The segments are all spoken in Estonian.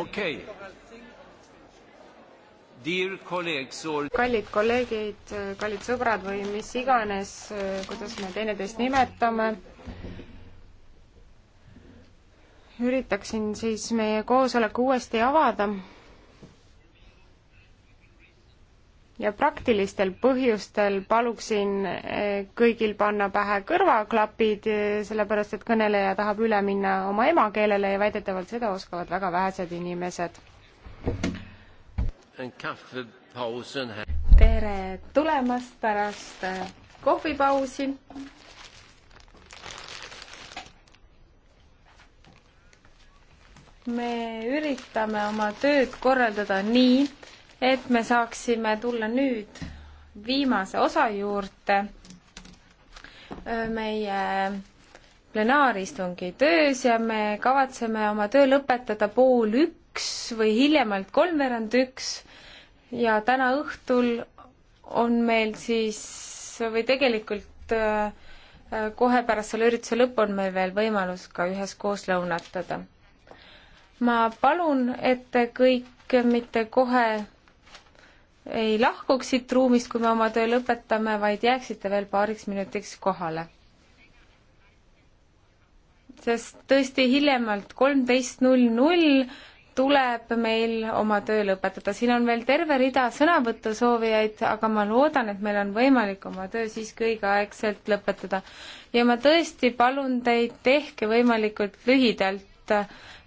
okei okay.. kallid kolleegid, kallid sõbrad või mis iganes, kuidas me teineteist nimetame, üritaksin siis meie koosoleku uuesti avada ja praktilistel põhjustel paluksin eh, kõigil panna pähe kõrvaklapid, eh, sellepärast et kõneleja tahab üle minna oma emakeelele ja väidetavalt seda oskavad väga vähesed inimesed. tere tulemast pärast eh, kohvipausi. me üritame oma tööd korraldada nii, et me saaksime tulla nüüd viimase osa juurde meie plenaaristungi töös ja me kavatseme oma töö lõpetada pool üks või hiljemalt kolmveerand üks ja täna õhtul on meil siis või tegelikult kohe pärast selle ürituse lõppu on meil veel võimalus ka üheskoos lõunatada. ma palun, et te kõik mitte kohe ei lahkuks siit ruumist, kui me oma töö lõpetame, vaid jääksite veel paariks minutiks kohale. sest tõesti hiljemalt kolmteist null null tuleb meil oma töö lõpetada. siin on veel terve rida sõnavõtusoovijaid, aga ma loodan, et meil on võimalik oma töö siiski õigeaegselt lõpetada. ja ma tõesti palun teid, tehke võimalikult lühidalt.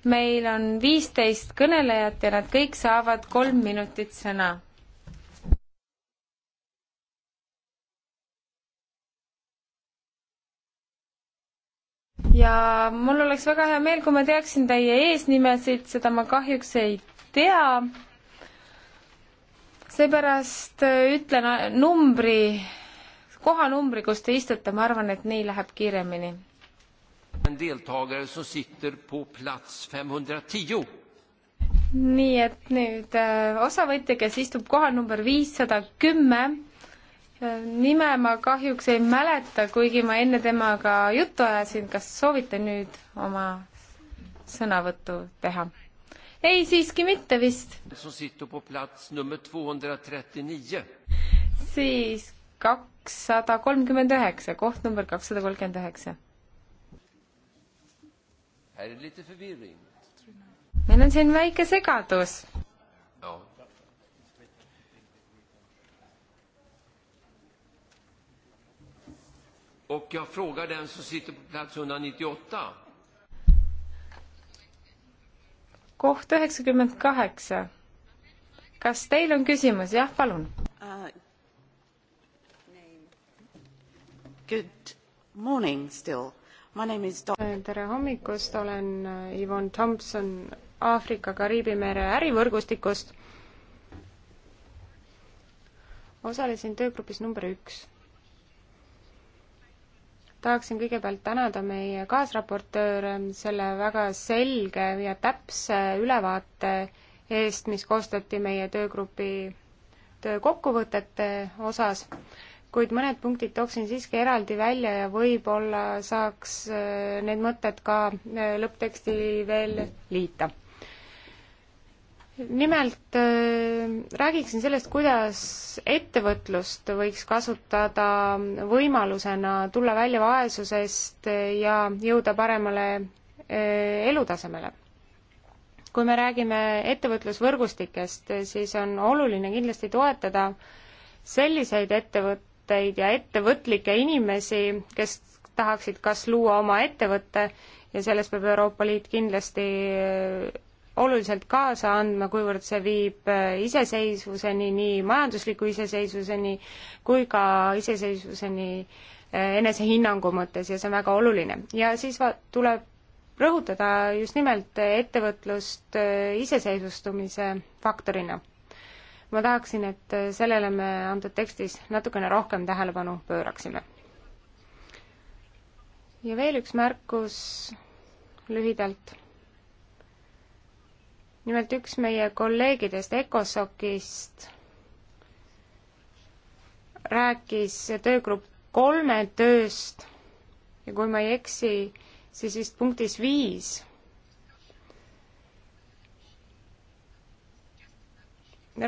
meil on viisteist kõnelejat ja nad kõik saavad kolm minutit sõna ja mul oleks väga hea meel, kui ma teaksin teie eesnimesid, seda ma kahjuks ei tea. seepärast äh, ütlen äh, numbri, kohanumbri, kus te istute, ma arvan, et nii läheb kiiremini. nii et nüüd äh, osavõtja, kes istub kohal number viissada kümme nime ma kahjuks ei mäleta, kuigi ma enne temaga juttu ajasin. kas soovite nüüd oma sõnavõttu teha? ei, siiski mitte vist. siis kakssada kolmkümmend üheksa, koht number kakssada kolmkümmend üheksa. meil on siin väike segadus no.. Och jag frågar den som sitter på plats 198. koht üheksakümmend kaheksa. kas teil on küsimus? jah, palun uh,. Good morning still. My name is tere hommikust, olen äh, Yvonne Thompson Aafrika-Kariibi mere ärivõrgustikust. osalesin töögrupis number üks tahaksin kõigepealt tänada meie kaasraportööre selle väga selge ja täpse ülevaate eest, mis koostati meie töögrupi töö kokkuvõtete osas, kuid mõned punktid tooksin siiski eraldi välja ja võib-olla saaks äh, need mõtted ka äh, lõppteksti veel liita nimelt äh, räägiksin sellest, kuidas ettevõtlust võiks kasutada võimalusena tulla välja vaesusest ja jõuda paremale äh, elutasemele. kui me räägime ettevõtlusvõrgustikest, siis on oluline kindlasti toetada selliseid ettevõtteid ja ettevõtlikke inimesi, kes tahaksid kas luua oma ettevõtte ja selles peab Euroopa Liit kindlasti äh, oluliselt kaasa andma, kuivõrd see viib äh, iseseisvuseni, nii majandusliku iseseisvuseni kui ka iseseisvuseni äh, enesehinnangu mõttes ja see on väga oluline. ja siis va-, tuleb rõhutada just nimelt ettevõtlust äh, iseseisvustumise faktorina. ma tahaksin, et sellele me antud tekstis natukene rohkem tähelepanu pööraksime. ja veel üks märkus lühidalt nimelt üks meie kolleegidest ECOSOC-ist rääkis töögrupp kolme tööst ja kui ma ei eksi, siis vist punktis viis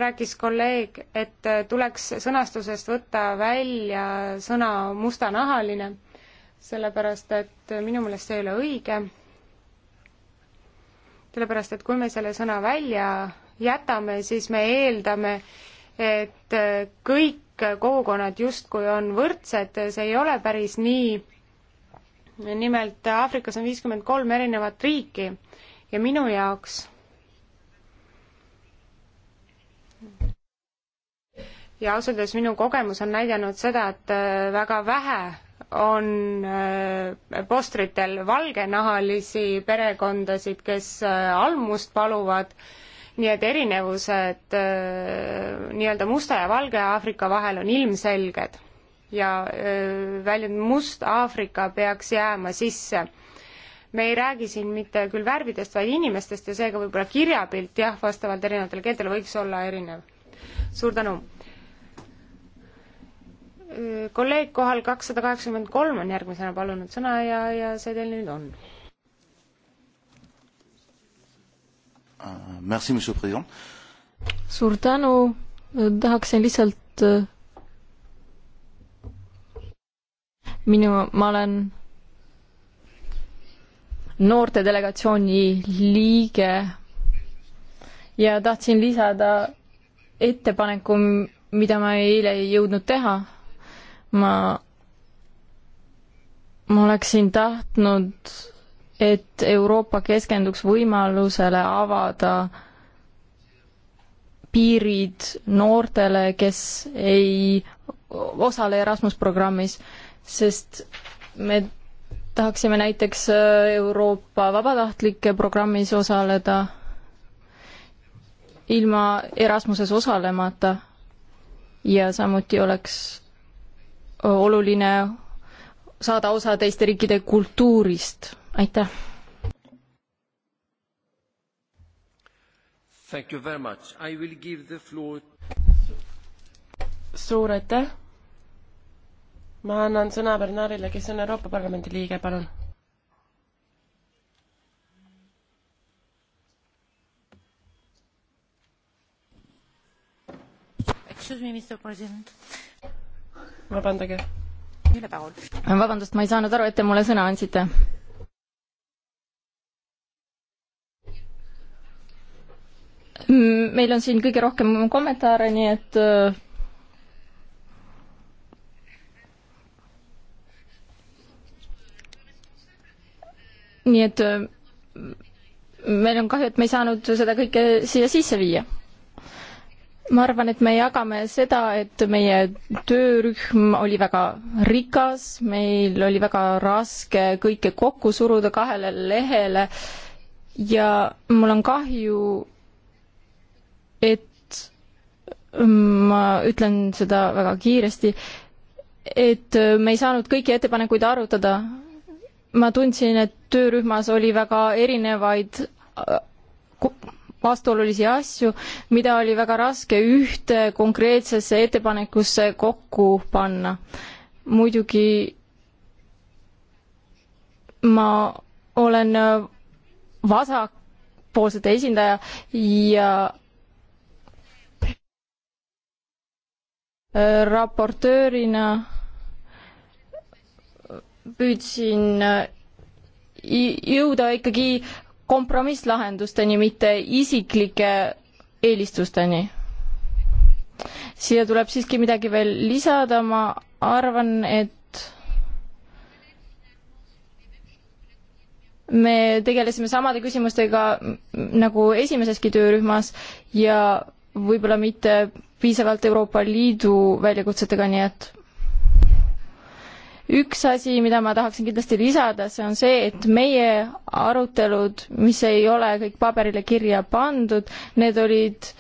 rääkis kolleeg, et tuleks sõnastusest võtta välja sõna mustanahaline, sellepärast et minu meelest see ei ole õige sellepärast et kui me selle sõna välja jätame, siis me eeldame, et kõik kogukonnad justkui on võrdsed, see ei ole päris nii. nimelt Aafrikas on viiskümmend kolm erinevat riiki ja minu jaoks ja ausalt öeldes minu kogemus on näidanud seda, et väga vähe on äh, postritel valgenahalisi perekondasid, kes äh, almust paluvad, nii et erinevused äh, nii-öelda musta ja valge Aafrika vahel on ilmselged ja väljend must Aafrika peaks jääma sisse me ei räägi siin mitte küll värvidest, vaid inimestest ja seega võib-olla kirjapilt jah, vastavalt erinevatele keeltele võiks olla erinev. suur tänu! kolleeg kohal kakssada kaheksakümmend kolm on järgmisena palunud sõna ja, ja see teil nüüd on. Ah, suur tänu, tahaksin lihtsalt eh, minu, ma olen noorte delegatsiooni liige ja tahtsin lisada ettepaneku, mida ma eile ei jõudnud teha ma, ma oleksin tahtnud, et Euroopa keskenduks võimalusele avada piirid noortele, kes ei osale Erasmus programmis, sest me tahaksime näiteks äh, Euroopa vabatahtlike programmis osaleda ilma Erasmuses osalemata ja samuti oleks oluline saada osa teiste riikide kultuurist, aitäh. suur aitäh. ma annan sõna Bernarile, kes on Euroopa Parlamendi liige, palun. Excuse me, Mr President vabandage. vabandust, ma ei saanud aru, et te mulle sõna andsite. meil on siin kõige rohkem kommentaare, nii et äh, nii et äh, meil on kahju, et me ei saanud seda kõike siia sisse viia ma arvan, et me jagame seda, et meie töörühm oli väga rikas, meil oli väga raske kõike kokku suruda kahele lehele ja mul on kahju, et ma ütlen seda väga kiiresti, et me ei saanud kõiki ettepanekuid arutada. ma tundsin, et töörühmas oli väga erinevaid vastuolulisi asju, mida oli väga raske ühte konkreetsesse ettepanekusse kokku panna. muidugi ma olen vasakpoolsete esindaja ja raportöörina püüdsin jõuda ikkagi kompromisslahendusteni, mitte isiklike eelistusteni. siia tuleb siiski midagi veel lisada, ma arvan, et me tegelesime samade küsimustega nagu esimeseski töörühmas ja võib-olla mitte piisavalt Euroopa Liidu väljakutsetega, nii et üks asi, mida ma tahaksin kindlasti lisada, see on see, et meie arutelud, mis ei ole kõik paberile kirja pandud, need olid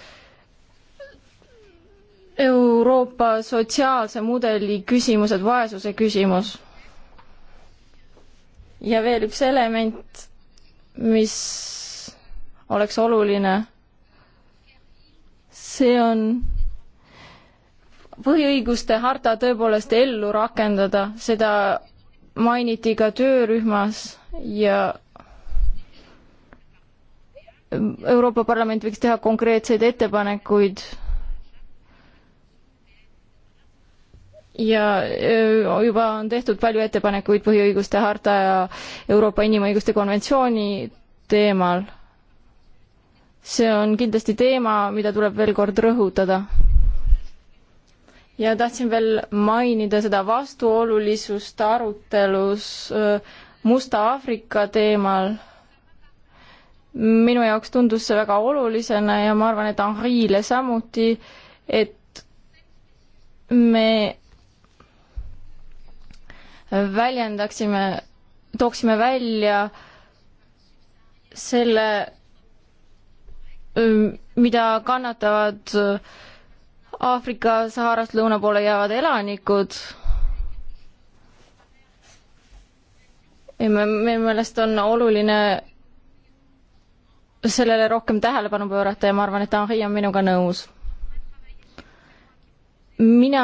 Euroopa sotsiaalse mudeli küsimused, vaesuse küsimus. ja veel üks element, mis oleks oluline, see on põhiõiguste harta tõepoolest ellu rakendada, seda mainiti ka töörühmas ja Euroopa Parlament võiks teha konkreetseid ettepanekuid ja juba on tehtud palju ettepanekuid põhiõiguste harta ja Euroopa Inimõiguste konventsiooni teemal. see on kindlasti teema, mida tuleb veel kord rõhutada ja tahtsin veel mainida seda vastuolulisust arutelus äh, Musta Aafrika teemal. minu jaoks tundus see väga olulisena ja ma arvan, et Henri'le samuti, et me väljendaksime, tooksime välja selle, äh, mida kannatavad äh, Aafrika Saharast lõuna poole jäävad elanikud. ja me, meie meelest on oluline sellele rohkem tähelepanu pöörata ja ma arvan, et Henri on minuga nõus. mina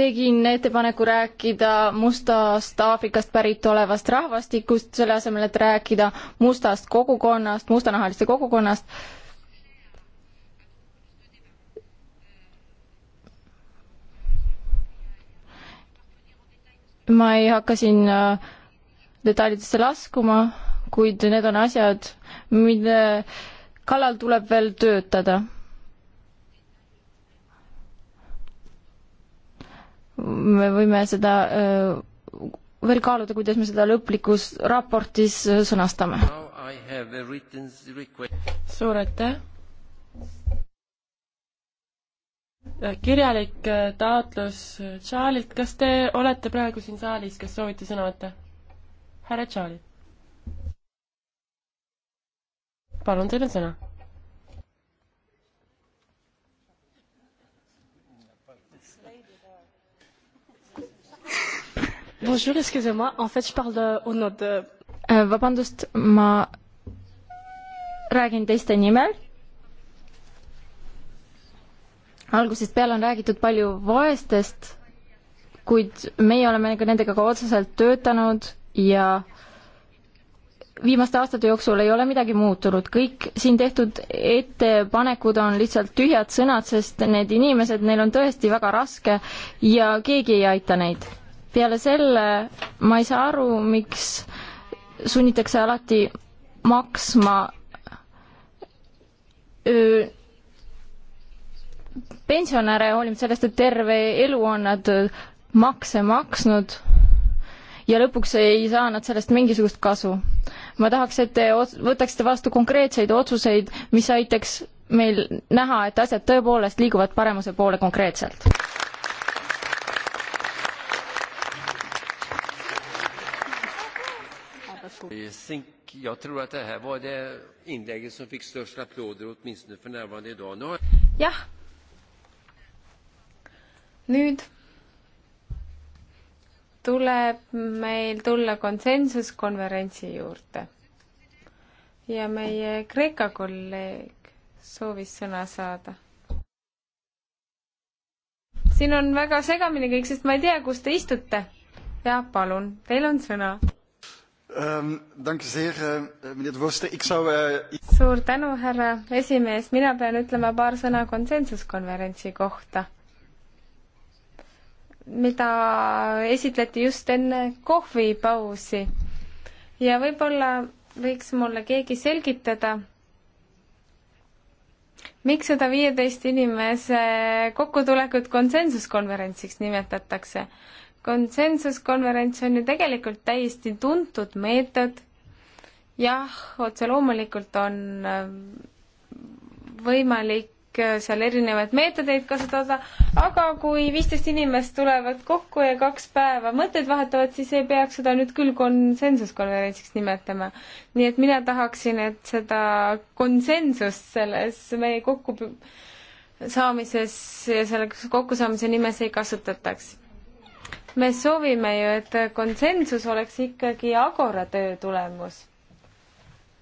tegin ettepaneku rääkida mustast Aafrikast pärit olevast rahvastikust, selle asemel, et rääkida mustast kogukonnast, mustanahaliste kogukonnast ma ei hakka siin äh, detailidesse laskuma, kuid need on asjad, mille kallal tuleb veel töötada. me võime seda äh, veel kaaluda, kuidas me seda lõplikus raportis äh, sõnastame. suur aitäh! kirjalik äh, taotlus Charlilt, kas te olete praegu siin saalis, kas soovite sõna võtta? härra Charli. palun, teil on sõna. Bonjour, excusez-moi, en fait je parle au nom de äh, vabandust, ma räägin teiste nimel algusest peale on räägitud palju vaestest, kuid meie oleme ka nendega ka otseselt töötanud ja viimaste aastate jooksul ei ole midagi muutunud, kõik siin tehtud ettepanekud on lihtsalt tühjad sõnad, sest need inimesed, neil on tõesti väga raske ja keegi ei aita neid. peale selle ma ei saa aru, miks sunnitakse alati maksma öö, pensionäre, hoolimata sellest, et terve elu on nad äh, makse maksnud ja lõpuks ei saa nad sellest mingisugust kasu. ma tahaks, et te võtaksite vastu konkreetseid otsuseid, mis aitaks meil näha, et asjad tõepoolest liiguvad paremuse poole konkreetselt. Jag tror att det här var det inlägget som fick störst applåder, åtminstone för närvarande idag. Nu har... Ja, nüüd tuleb meil tulla konsensuskonverentsi juurde. ja meie Kreeka kolleeg soovis sõna saada. siin on väga segamini kõik, sest ma ei tea, kus te istute. ja palun, teil on sõna. Um, dank u zeer, uh, meneer de voorzitter. Ik zou... Uh... Suur tänu, härra esimees. Mina pean ütlema paar sõna konsensuskonverentsi kohta mida esitleti just enne kohvipausi. ja võib-olla võiks mulle keegi selgitada, miks seda viieteist inimese kokkutulekut konsensuskonverentsiks nimetatakse? konsensuskonverents on ju tegelikult täiesti tuntud meetod, jah, otse loomulikult on võimalik Äh, seal erinevaid meetodeid kasutada, aga kui viisteist inimest tulevad kokku ja kaks päeva mõtteid vahetavad, siis ei peaks seda nüüd küll konsensuskonverentsiks nimetama. nii et mina tahaksin, et seda konsensust selles meie kokku saamises ja selle kokkusaamise nimes ei kasutataks. me soovime ju, et konsensus oleks ikkagi Agora töö tulemus.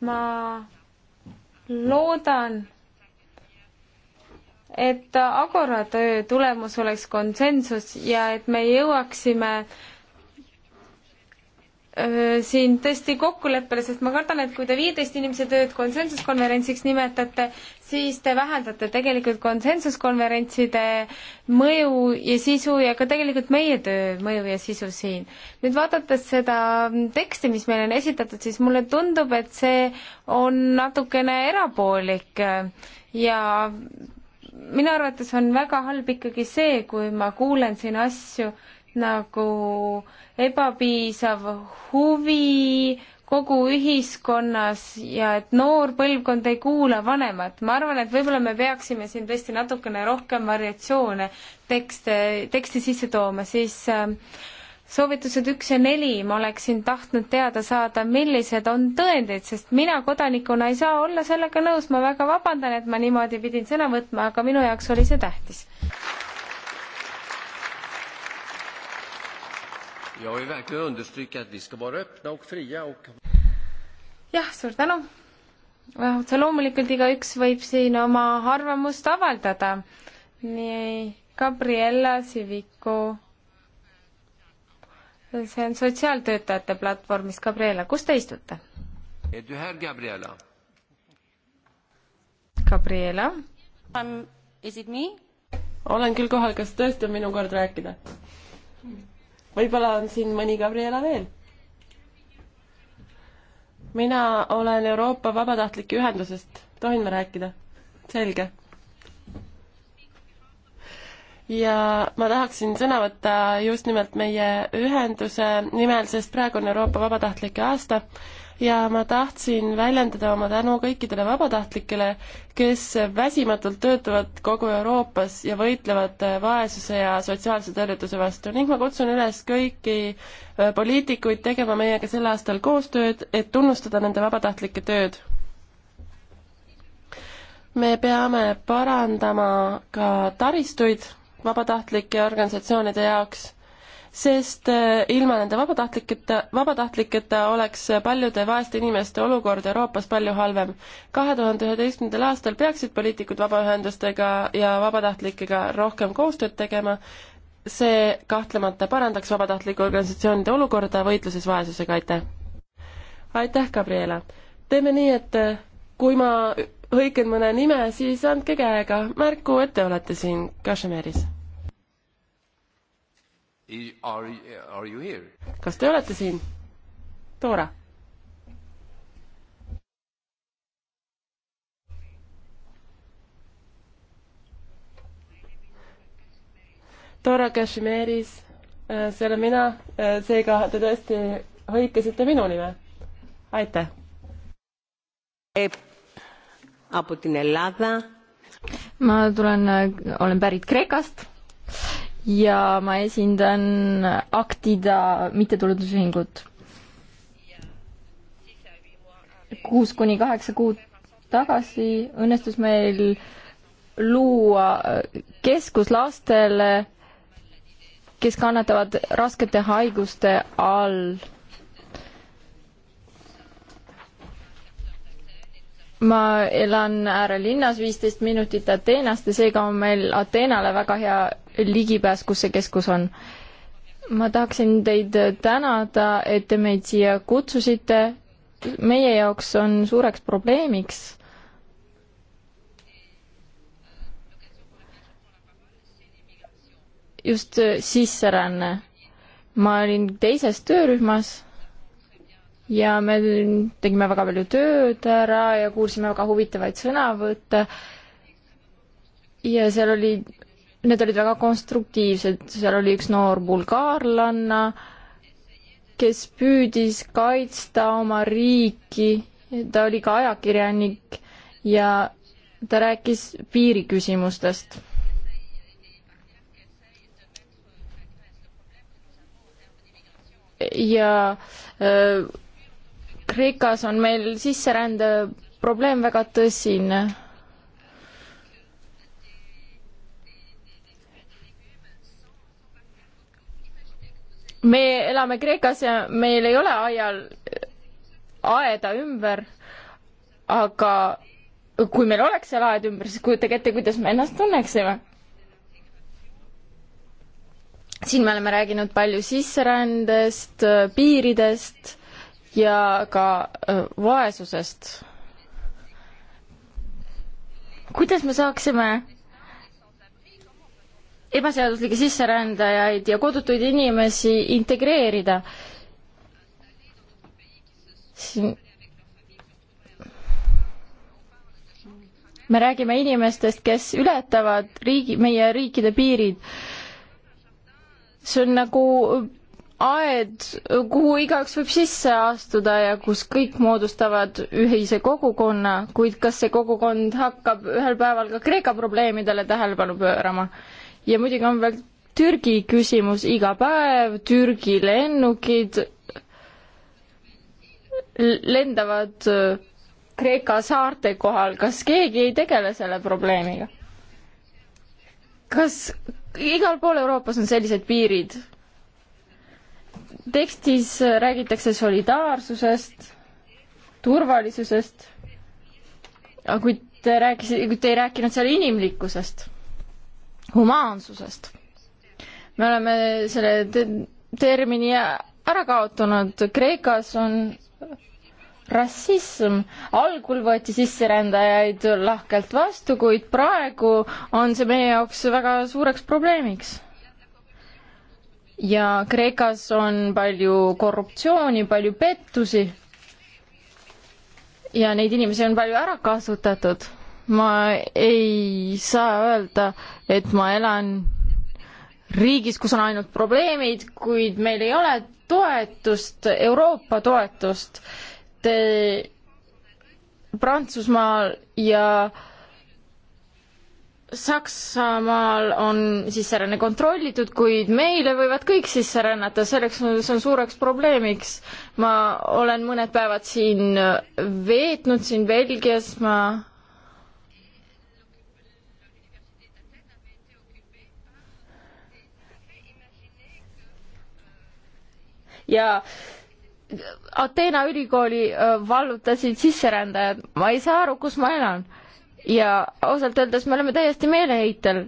ma loodan et Agora töö tulemus oleks konsensus ja et me jõuaksime siin tõesti kokkuleppele, sest ma kardan, et kui te viieteist inimese tööd konsensuskonverentsiks nimetate, siis te vähendate tegelikult konsensuskonverentside mõju ja sisu ja ka tegelikult meie töö mõju ja sisu siin. nüüd vaadates seda teksti, mis meile on esitatud, siis mulle tundub, et see on natukene erapoolik ja minu arvates on väga halb ikkagi see, kui ma kuulen siin asju nagu ebapiisav huvi kogu ühiskonnas ja et noor põlvkond ei kuula vanemat. ma arvan, et võib-olla me peaksime siin tõesti natukene rohkem variatsioone tekste, teksti sisse tooma, siis äh, soovitused üks ja neli, ma oleksin tahtnud teada saada, millised on tõendid, sest mina kodanikuna ei saa olla sellega nõus, ma väga vabandan, et ma niimoodi pidin sõna võtma, aga minu jaoks oli see tähtis. jah, suur tänu noh, see loomulikult igaüks võib siin oma arvamust avaldada. nii Gabriella Civico see on sotsiaaltöötajate platvormis, Gabriela, kus te istute? Gabriela. Gabriela um,. olen küll kohal, kas tõesti on minu kord rääkida? võib-olla on siin mõni Gabriela veel? mina olen Euroopa Vabatahtlike Ühendusest, tohin ma rääkida? selge ja ma tahaksin sõna võtta just nimelt meie ühenduse nimel, sest praegu on Euroopa vabatahtlike aasta ja ma tahtsin väljendada oma tänu kõikidele vabatahtlikele, kes väsimatult töötavad kogu Euroopas ja võitlevad vaesuse ja sotsiaalse tõrjutuse vastu ning ma kutsun üles kõiki äh, poliitikuid tegema meiega sel aastal koostööd, et tunnustada nende vabatahtlike tööd me peame parandama ka taristuid vabatahtlike organisatsioonide jaoks, sest eh, ilma nende vabatahtliketa, vabatahtliketa oleks paljude vaeste inimeste olukord Euroopas palju halvem. kahe tuhande üheteistkümnendal aastal peaksid poliitikud vabaühendustega ja vabatahtlikega rohkem koostööd tegema, see kahtlemata parandaks vabatahtlike organisatsioonide olukorda võitluses vaesusega, aitäh! aitäh, Gabriela! teeme nii, et eh, kui ma hõikan mõne nime, siis andke käega märku, et te olete siin Kašmiris Are, are you here? kas te olete siin? Dora. Dora Kashmiris, äh, see olen mina, äh, seega te tõesti hõikasite minu nime. aitäh. E, ma tulen, äh, olen pärit Kreekast ja ma esindan Aktida mittetulundusühingut. kuus kuni kaheksa kuud tagasi õnnestus meil luua keskus lastele, kes kannatavad raskete haiguste all. ma elan äärelinnas viisteist minutit Ateenast ja seega on meil Ateenale väga hea ligipääs, kus see keskus on. ma tahaksin teid tänada, et te meid siia kutsusite. meie jaoks on suureks probleemiks just sisseränne. ma olin teises töörühmas ja me tegime väga palju tööd ära ja kuulsime väga huvitavaid sõnavõtte. ja seal oli need olid väga konstruktiivsed, seal oli üks noor bulgaarlanna, kes püüdis kaitsta oma riiki, ta oli ka ajakirjanik ja ta rääkis piiriküsimustest. ja Kreekas on meil sisserände probleem väga tõsine me elame Kreekas ja meil ei ole aial aeda ümber, aga kui meil oleks seal aed ümber, siis kujutage ette, kuidas me ennast tunneksime. siin me oleme rääkinud palju sisserändest, piiridest ja ka vaesusest. kuidas me saaksime ebaseaduslikke sisserändajaid ja kodutuid inimesi integreerida. siin me räägime inimestest, kes ületavad riigi, meie riikide piirid. see on nagu aed, kuhu igaüks võib sisse astuda ja kus kõik moodustavad ühise kogukonna, kuid kas see kogukond hakkab ühel päeval ka Kreeka probleemidele tähelepanu pöörama? ja muidugi on veel Türgi küsimus iga päev, Türgi lennukid lendavad äh, Kreeka saarte kohal, kas keegi ei tegele selle probleemiga? kas igal pool Euroopas on sellised piirid? tekstis äh, räägitakse solidaarsusest, turvalisusest, aga kuid te rääkisite, kuid te ei rääkinud seal inimlikkusest humaansusest. me oleme selle te termini ära kaotanud, Kreekas on rassism, algul võeti sisserändajaid lahkelt vastu, kuid praegu on see meie jaoks väga suureks probleemiks. ja Kreekas on palju korruptsiooni, palju pettusi ja neid inimesi on palju ära kasutatud ma ei saa öelda, et ma elan riigis, kus on ainult probleemid, kuid meil ei ole toetust, Euroopa toetust. Te Prantsusmaal ja Saksamaal on sisseränne kontrollitud, kuid meile võivad kõik sisse rännata, selleks, see on suureks probleemiks. ma olen mõned päevad siin veetnud, siin Belgias, ma ja Ateena ülikooli äh, vallutasid sisserändajad, ma ei saa aru, kus ma elan. ja ausalt öeldes me oleme täiesti meeleheitel.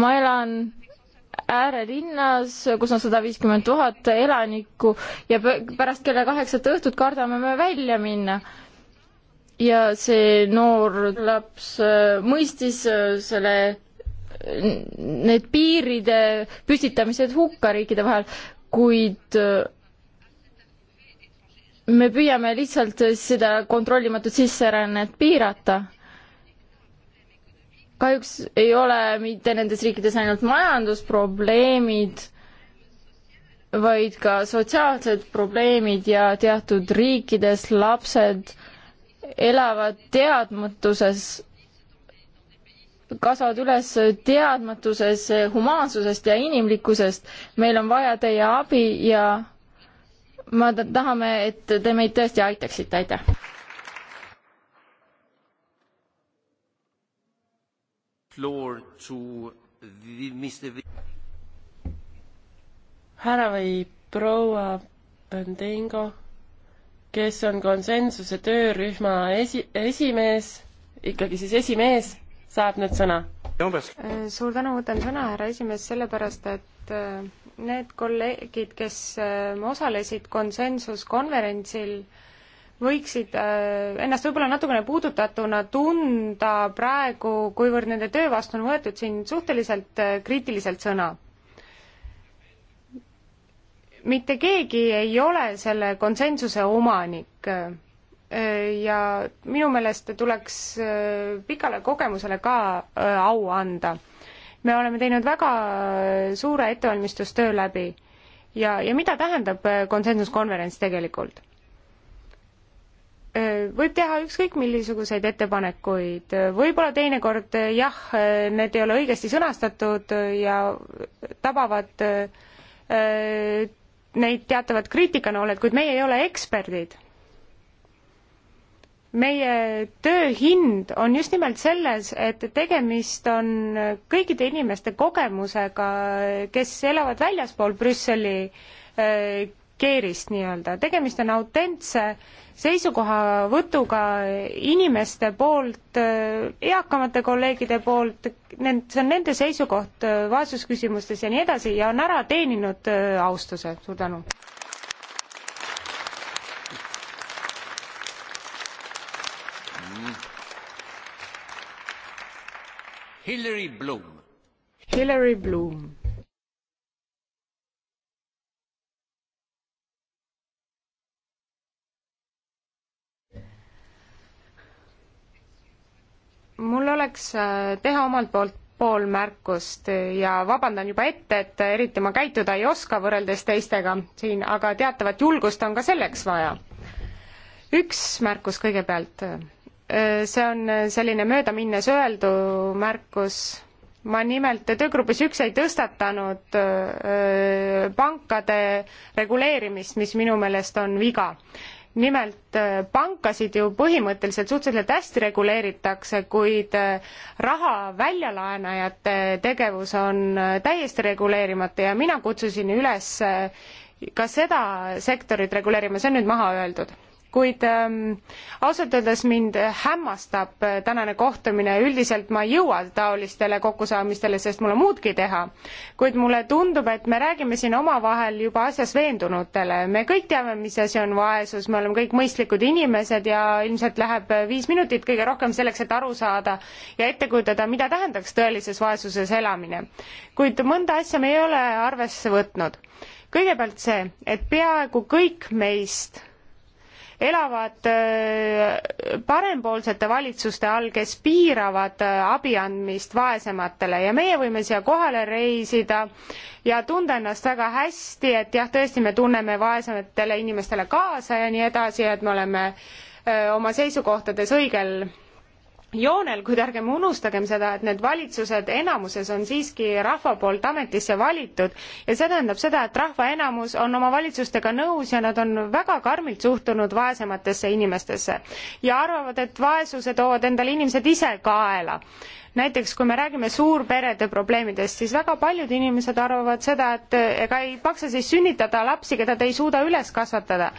ma elan äärelinnas, kus on sada viiskümmend tuhat elanikku ja pärast kella kaheksat õhtut kardame me välja minna. ja see noor laps äh, mõistis äh, selle need piiride püstitamised hukka riikide vahel kuid äh, me püüame lihtsalt seda kontrollimatut sisserännet piirata. kahjuks ei ole mitte nendes riikides ainult majandusprobleemid, vaid ka sotsiaalsed probleemid ja teatud riikides lapsed elavad teadmatuses kasvavad üles teadmatuses humaansusest ja inimlikkusest. meil on vaja teie abi ja ma tahame, et te meid tõesti aitaksite, aitäh. härra või proua Bendengo, kes on konsensuse töörühma esi-, esimees, ikkagi siis esimees saab nüüd sõna. suur tänu, võtan sõna, härra esimees, sellepärast et äh, need kolleegid, kes äh, osalesid konsensuskonverentsil, võiksid äh, ennast võib-olla natukene puudutatuna tunda praegu, kuivõrd nende töö vastu on võetud siin suhteliselt kriitiliselt sõna. mitte keegi ei ole selle konsensuse omanik ja minu meelest tuleks äh, pikale kogemusele ka äh, au anda. me oleme teinud väga äh, suure ettevalmistustöö läbi ja, ja mida tähendab konsensuskonverents tegelikult? võib teha ükskõik missugused ettepanekuid, võib-olla teinekord jah, need ei ole õigesti sõnastatud ja tabavad neid teatavad kriitikanooled, kuid meie ei ole eksperdid meie töö hind on just nimelt selles, et tegemist on kõikide inimeste kogemusega, kes elavad väljaspool Brüsseli äh, keerist nii-öelda, tegemist on autentse seisukohavõtuga inimeste poolt, äh, eakamate kolleegide poolt, need, see on nende seisukoht äh, vaesusküsimustes ja nii edasi ja on ära teeninud austuse, suur tänu! Hillary Bloom. Hillary Bloom. mul oleks äh, teha omalt poolt pool märkust ja vabandan juba ette, et eriti ma käituda ei oska võrreldes teistega siin, aga teatavat julgust on ka selleks vaja. üks märkus kõigepealt see on selline möödaminnes öeldu märkus. ma nimelt töögrupis üks ei tõstatanud äh, pankade reguleerimist, mis minu meelest on viga nimelt äh, pankasid ju põhimõtteliselt suhteliselt hästi reguleeritakse, kuid äh, raha väljalaenajate tegevus on täiesti reguleerimata ja mina kutsusin üles ka seda sektorit reguleerima, see on nüüd maha öeldud kuid ähm, ausalt öeldes mind hämmastab äh, tänane kohtumine, üldiselt ma ei jõua taolistele kokkusaamistele, sest mul on muudki teha. kuid mulle tundub, et me räägime siin omavahel juba asjas veendunutele, me kõik teame, mis asi on vaesus, me oleme kõik mõistlikud inimesed ja ilmselt läheb äh, viis minutit kõige rohkem selleks, et aru saada ja ette kujutada, mida tähendaks tõelises vaesuses elamine. kuid mõnda asja me ei ole arvesse võtnud. kõigepealt see, et peaaegu kõik meist elavad äh, parempoolsete valitsuste all, kes piiravad äh, abi andmist vaesematele ja meie võime siia kohale reisida ja tunda ennast väga hästi, et jah, tõesti, me tunneme vaesematele inimestele kaasa ja nii edasi, et me oleme äh, oma seisukohtades õigel joonel, kuid ärgem unustagem seda, et need valitsused enamuses on siiski rahva poolt ametisse valitud ja see tähendab seda, et rahva enamus on oma valitsustega nõus ja nad on väga karmilt suhtunud vaesematesse inimestesse ja arvavad, et vaesuse toovad endale inimesed ise kaela näiteks kui me räägime suurperede probleemidest, siis väga paljud inimesed arvavad seda, et ega ei maksa siis sünnitada lapsi, keda te ei suuda üles kasvatada.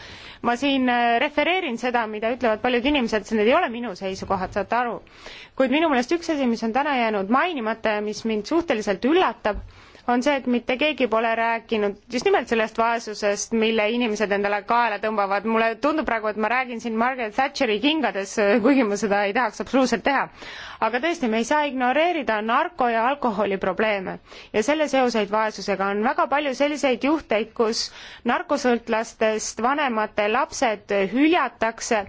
ma siin äh, refereerin seda, mida ütlevad paljud inimesed, need ei ole minu seisukohad, saate aru. kuid minu meelest üks asi, mis on täna jäänud mainimata ja mis mind suhteliselt üllatab, on see, et mitte keegi pole rääkinud just nimelt sellest vaesusest, mille inimesed endale kaela tõmbavad. mulle tundub praegu, et ma räägin siin Margaret Thatcheri kingades, kuigi ma seda ei tahaks absoluutselt teha aga tõesti, me ei saa ignoreerida narko ja alkoholi probleeme ja selle seoseid vaesusega. on väga palju selliseid juhteid, kus narkosõltlastest vanemate lapsed hüljatakse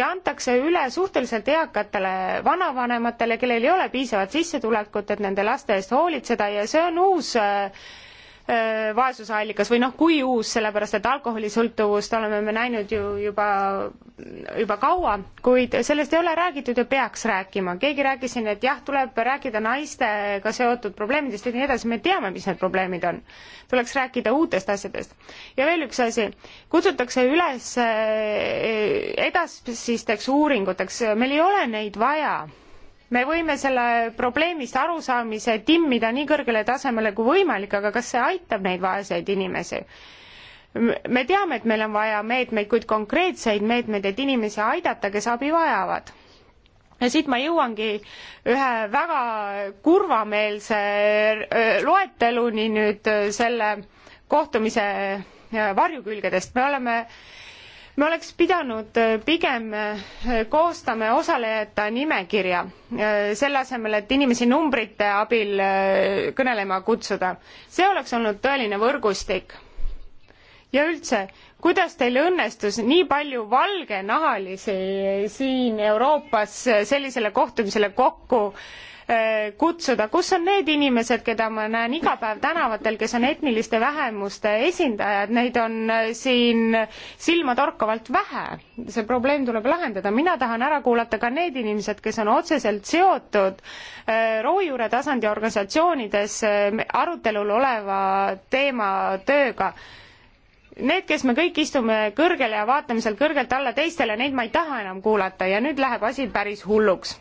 ja antakse üle suhteliselt eakatele vanavanematele, kellel ei ole piisavat sissetulekut, et nende laste eest hoolitseda ja see on uus äh, Äh, vaesuse allikas või noh, kui uus, sellepärast et alkoholisõltuvust oleme me näinud ju juba, juba kaua, kuid sellest ei ole räägitud ja peaks rääkima. keegi rääkis siin, et jah, tuleb rääkida naistega seotud probleemidest ja nii edasi, me teame, mis need probleemid on. tuleks rääkida uutest asjadest. ja veel üks asi, kutsutakse üles äh, edasisteks uuringuteks, meil ei ole neid vaja me võime selle probleemist arusaamise timmida nii kõrgele tasemele kui võimalik, aga kas see aitab neid vaeseid inimesi? me teame, et meil on vaja meetmeid, kuid konkreetseid meetmeid, et inimesi aidata, kes abi vajavad. ja siit ma jõuangi ühe väga kurvameelse äh, loeteluni nüüd äh, selle kohtumise äh, varjukülgedest. me oleme äh, me oleks pidanud äh, pigem äh, koostama osalejate nimekirja, äh, selle asemel, et inimesi numbrite abil kõnelema kutsuda. see oleks olnud tõeline võrgustik. ja üldse, kuidas teil õnnestus nii palju valgenahalisi siin Euroopas sellisele kohtumisele kokku äh, Äh, kutsuda, kus on need inimesed, keda ma näen iga päev tänavatel, kes on etniliste vähemuste esindajad, neid on äh, siin silmatorkavalt vähe. see probleem tuleb lahendada, mina tahan ära kuulata ka need inimesed, kes on otseselt seotud äh, rohujuure tasandi organisatsioonides arutelul oleva teema tööga need, kes me kõik istume kõrgele ja vaatame seal kõrgelt alla teistele, neid ma ei taha enam kuulata ja nüüd läheb asi päris hulluks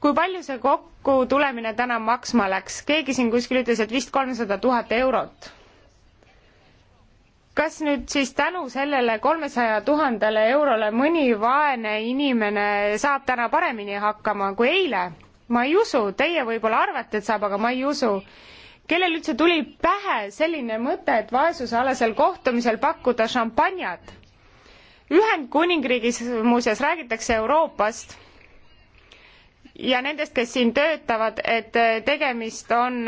kui palju see kokkutulemine täna maksma läks? keegi siin kuskil ütles, et vist kolmsada tuhat eurot. kas nüüd siis tänu sellele kolmesaja tuhandele eurole mõni vaene inimene saab täna paremini hakkama kui eile? ma ei usu, teie võib-olla arvate, et saab, aga ma ei usu. kellel üldse tuli pähe selline mõte, et vaesusealasel kohtumisel pakkuda šampanjat? Ühendkuningriigis muuseas räägitakse Euroopast ja nendest, kes siin töötavad, et tegemist on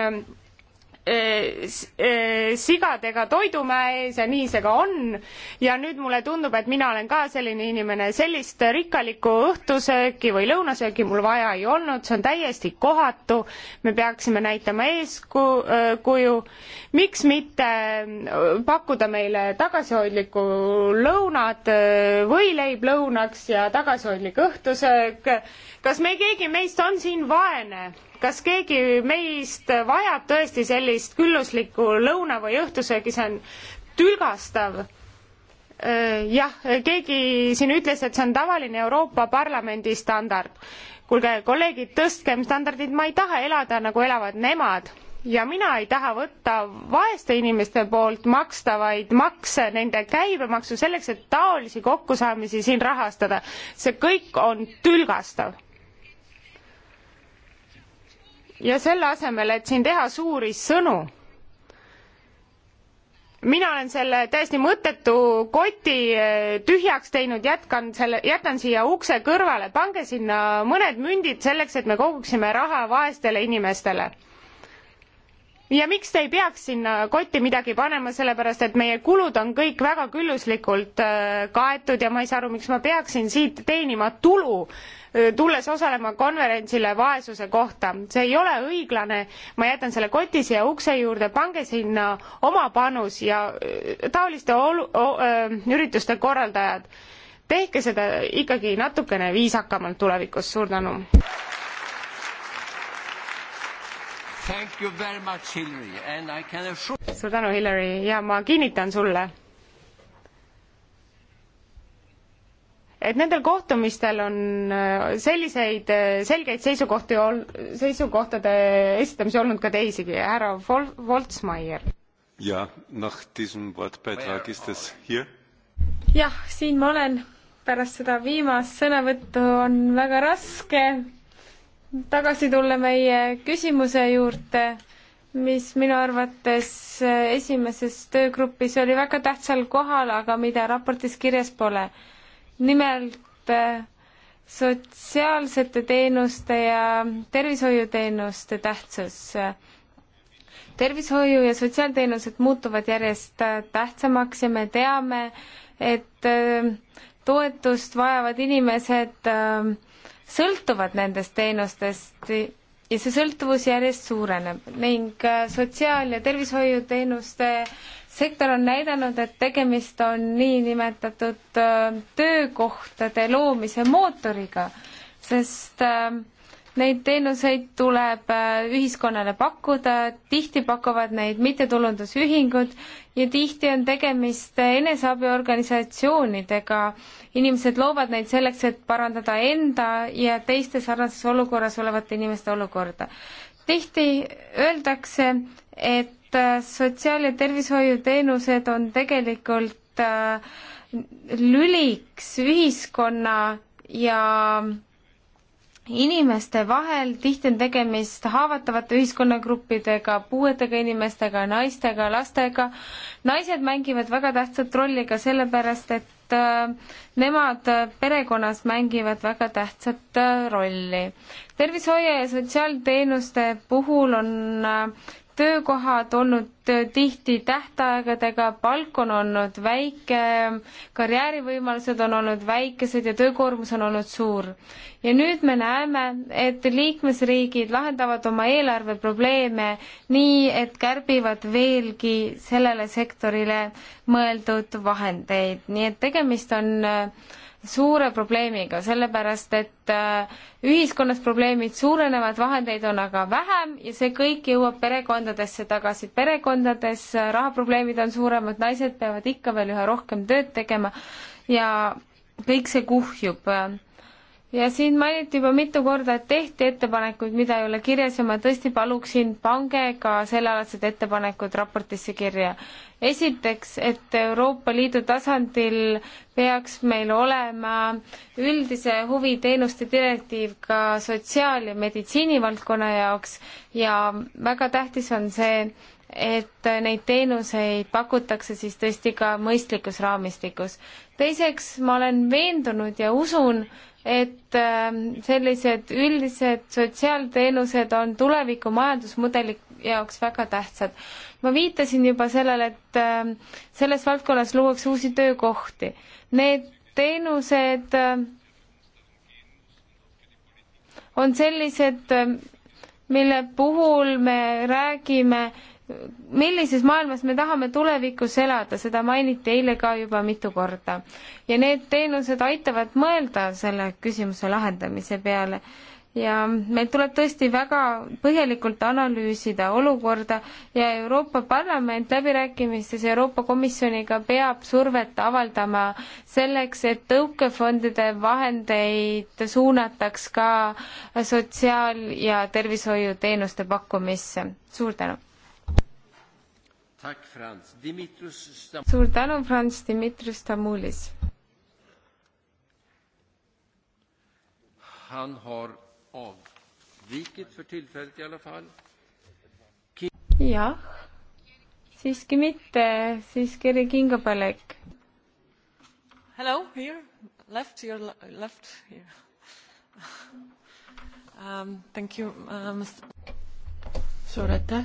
Äh, äh, sigadega toidumäe ees ja nii see ka on. ja nüüd mulle tundub, et mina olen ka selline inimene, sellist rikkalikku õhtusööki või lõunasööki mul vaja ei olnud, see on täiesti kohatu. me peaksime näitama eeskuju, äh, miks mitte pakkuda meile tagasihoidlikku lõunat, võileib lõunaks ja tagasihoidlik õhtusöök. kas me keegi meist on siin vaene? kas keegi meist vajab tõesti sellist külluslikku lõuna või õhtusöögi, see on tülgastav. Äh, jah, keegi siin ütles, et see on tavaline Euroopa Parlamendi standard. kuulge, kolleegid, tõstkem standardid, ma ei taha elada nagu elavad nemad ja mina ei taha võtta vaeste inimeste poolt makstavaid makse, nende käibemaksu selleks, et taolisi kokkusaamisi siin rahastada. see kõik on tülgastav ja selle asemel, et siin teha suuri sõnu, mina olen selle täiesti mõttetu koti eh, tühjaks teinud, jätkan selle, jätan siia ukse kõrvale, pange sinna mõned mündid selleks, et me koguksime raha vaestele inimestele ja miks te ei peaks sinna kotti midagi panema, sellepärast et meie kulud on kõik väga külluslikult äh, kaetud ja ma ei saa aru, miks ma peaksin siit teenima tulu, äh, tulles osalema konverentsile vaesuse kohta. see ei ole õiglane, ma jätan selle koti siia ukse juurde, pange sinna oma panus ja äh, taoliste olu-, ürituste korraldajad, tehke seda ikkagi natukene viisakamalt tulevikus, suur tänu! Much, Hillary, can... suur tänu, Hillary, ja ma kinnitan sulle, et nendel kohtumistel on äh, selliseid äh, selgeid seisukohti, seisukohtade esitamisi olnud ka teisigi, härra Vol-, Voltsmaier. jah, siin ma olen, pärast seda viimast sõnavõttu on väga raske tagasi tulla meie küsimuse juurde, mis minu arvates esimeses töögrupis oli väga tähtsal kohal, aga mida raportis kirjas pole. nimelt eh, sotsiaalsete teenuste ja tervishoiuteenuste tähtsus. tervishoiu ja sotsiaalteenused muutuvad järjest tähtsamaks ja me teame, et eh, toetust vajavad inimesed äh, sõltuvad nendest teenustest ja see sõltuvus järjest suureneb ning äh, sotsiaal- ja tervishoiuteenuste sektor on näidanud, et tegemist on niinimetatud äh, töökohtade loomise mootoriga, sest äh, Neid teenuseid tuleb äh, ühiskonnale pakkuda, tihti pakuvad neid mittetulundusühingud ja tihti on tegemist äh, eneseabiorganisatsioonidega. inimesed loovad neid selleks, et parandada enda ja teiste sarnases olukorras olevate inimeste olukorda. tihti öeldakse, et äh, sotsiaal- ja tervishoiuteenused on tegelikult lüliks ühiskonna ja inimeste vahel, tihti on tegemist haavatavate ühiskonnagruppidega, puuetega inimestega, naistega, lastega. naised mängivad väga tähtsat rolli ka sellepärast, et äh, nemad perekonnas mängivad väga tähtsat äh, rolli. tervishoia ja sotsiaalteenuste puhul on äh, töökohad olnud tihti tähtaegadega, palk on olnud väike, karjäärivõimalused on olnud väikesed ja töökoormus on olnud suur. ja nüüd me näeme, et liikmesriigid lahendavad oma eelarveprobleeme nii, et kärbivad veelgi sellele sektorile mõeldud vahendeid, nii et tegemist on äh, suure probleemiga, sellepärast et äh, ühiskonnas probleemid suurenevad, vahendeid on aga vähem ja see kõik jõuab perekondadesse tagasi. perekondades äh, rahaprobleemid on suuremad, naised peavad ikka veel üha rohkem tööd tegema ja kõik see kuhjub äh ja siin mainiti juba mitu korda, et tehti ettepanekuid, mida ei ole kirjas ja ma tõesti paluksin, pange ka sellealased ettepanekud raportisse kirja. esiteks, et Euroopa Liidu tasandil peaks meil olema üldise huviteenuste direktiiv ka sotsiaal- ja meditsiinivaldkonna jaoks ja väga tähtis on see, et neid teenuseid pakutakse siis tõesti ka mõistlikus raamistikus. teiseks, ma olen veendunud ja usun, et ähm, sellised üldised sotsiaalteenused on tuleviku majandusmudeli jaoks väga tähtsad. ma viitasin juba sellele, et ähm, selles valdkonnas luuakse uusi töökohti. Need teenused ähm, on sellised, mille puhul me räägime äh, millises maailmas me tahame tulevikus elada, seda mainiti eile ka juba mitu korda. ja need teenused aitavad mõelda selle küsimuse lahendamise peale ja meil tuleb tõesti väga põhjalikult analüüsida olukorda ja Euroopa Parlament läbirääkimistes Euroopa Komisjoniga peab survet avaldama selleks, et tõukefondide vahendeid suunataks ka sotsiaal- ja tervishoiuteenuste pakkumisse. suur tänu! suur tänu, Franz Dimitrus Tamulis. Han har avvikit för tillfället i alla fall. jah, siiski mitte, siiski Eri Kingopelek. Hello, here, left, your left, here um,. Thank you um,. suur aitäh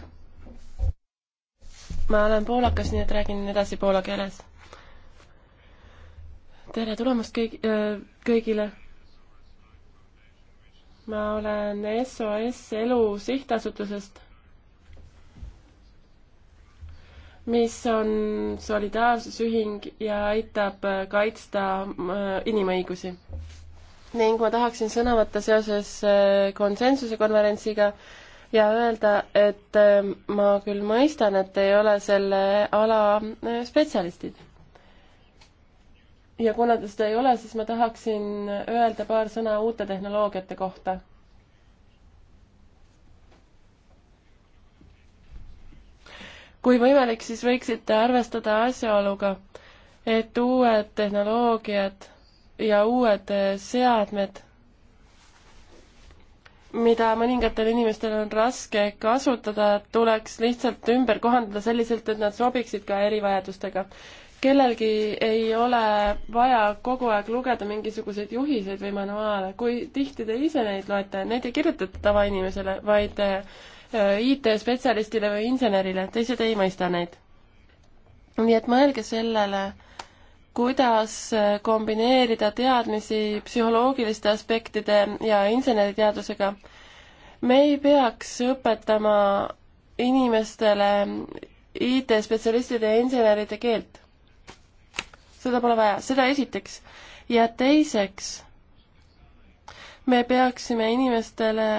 ma olen poolakas, nii et räägin edasi poola keeles. tere tulemast kõik, kõigile! ma olen SOS Elu Sihtasutusest, mis on solidaarsusühing ja aitab kaitsta inimõigusi. ning ma tahaksin sõna võtta seoses konsensuse konverentsiga, ja öelda, et ähm, ma küll mõistan, et te ei ole selle ala äh, spetsialistid. ja kuna te seda ei ole, siis ma tahaksin öelda paar sõna uute tehnoloogiate kohta. kui võimalik, siis võiksite arvestada asjaoluga, et uued tehnoloogiad ja uued äh, seadmed mida mõningatel inimestel on raske kasutada, tuleks lihtsalt ümber kohandada selliselt, et nad sobiksid ka erivajadustega. kellelgi ei ole vaja kogu aeg lugeda mingisuguseid juhiseid või manuaale, kui tihti te ise neid loete, neid ei kirjutata tavainimesele, vaid äh, IT-spetsialistile või insenerile, teised ei mõista neid. nii et mõelge sellele kuidas äh, kombineerida teadmisi psühholoogiliste aspektide ja inseneriteadusega. me ei peaks õpetama inimestele IT-spetsialistide ja inseneride keelt. seda pole vaja, seda esiteks. ja teiseks, me peaksime inimestele,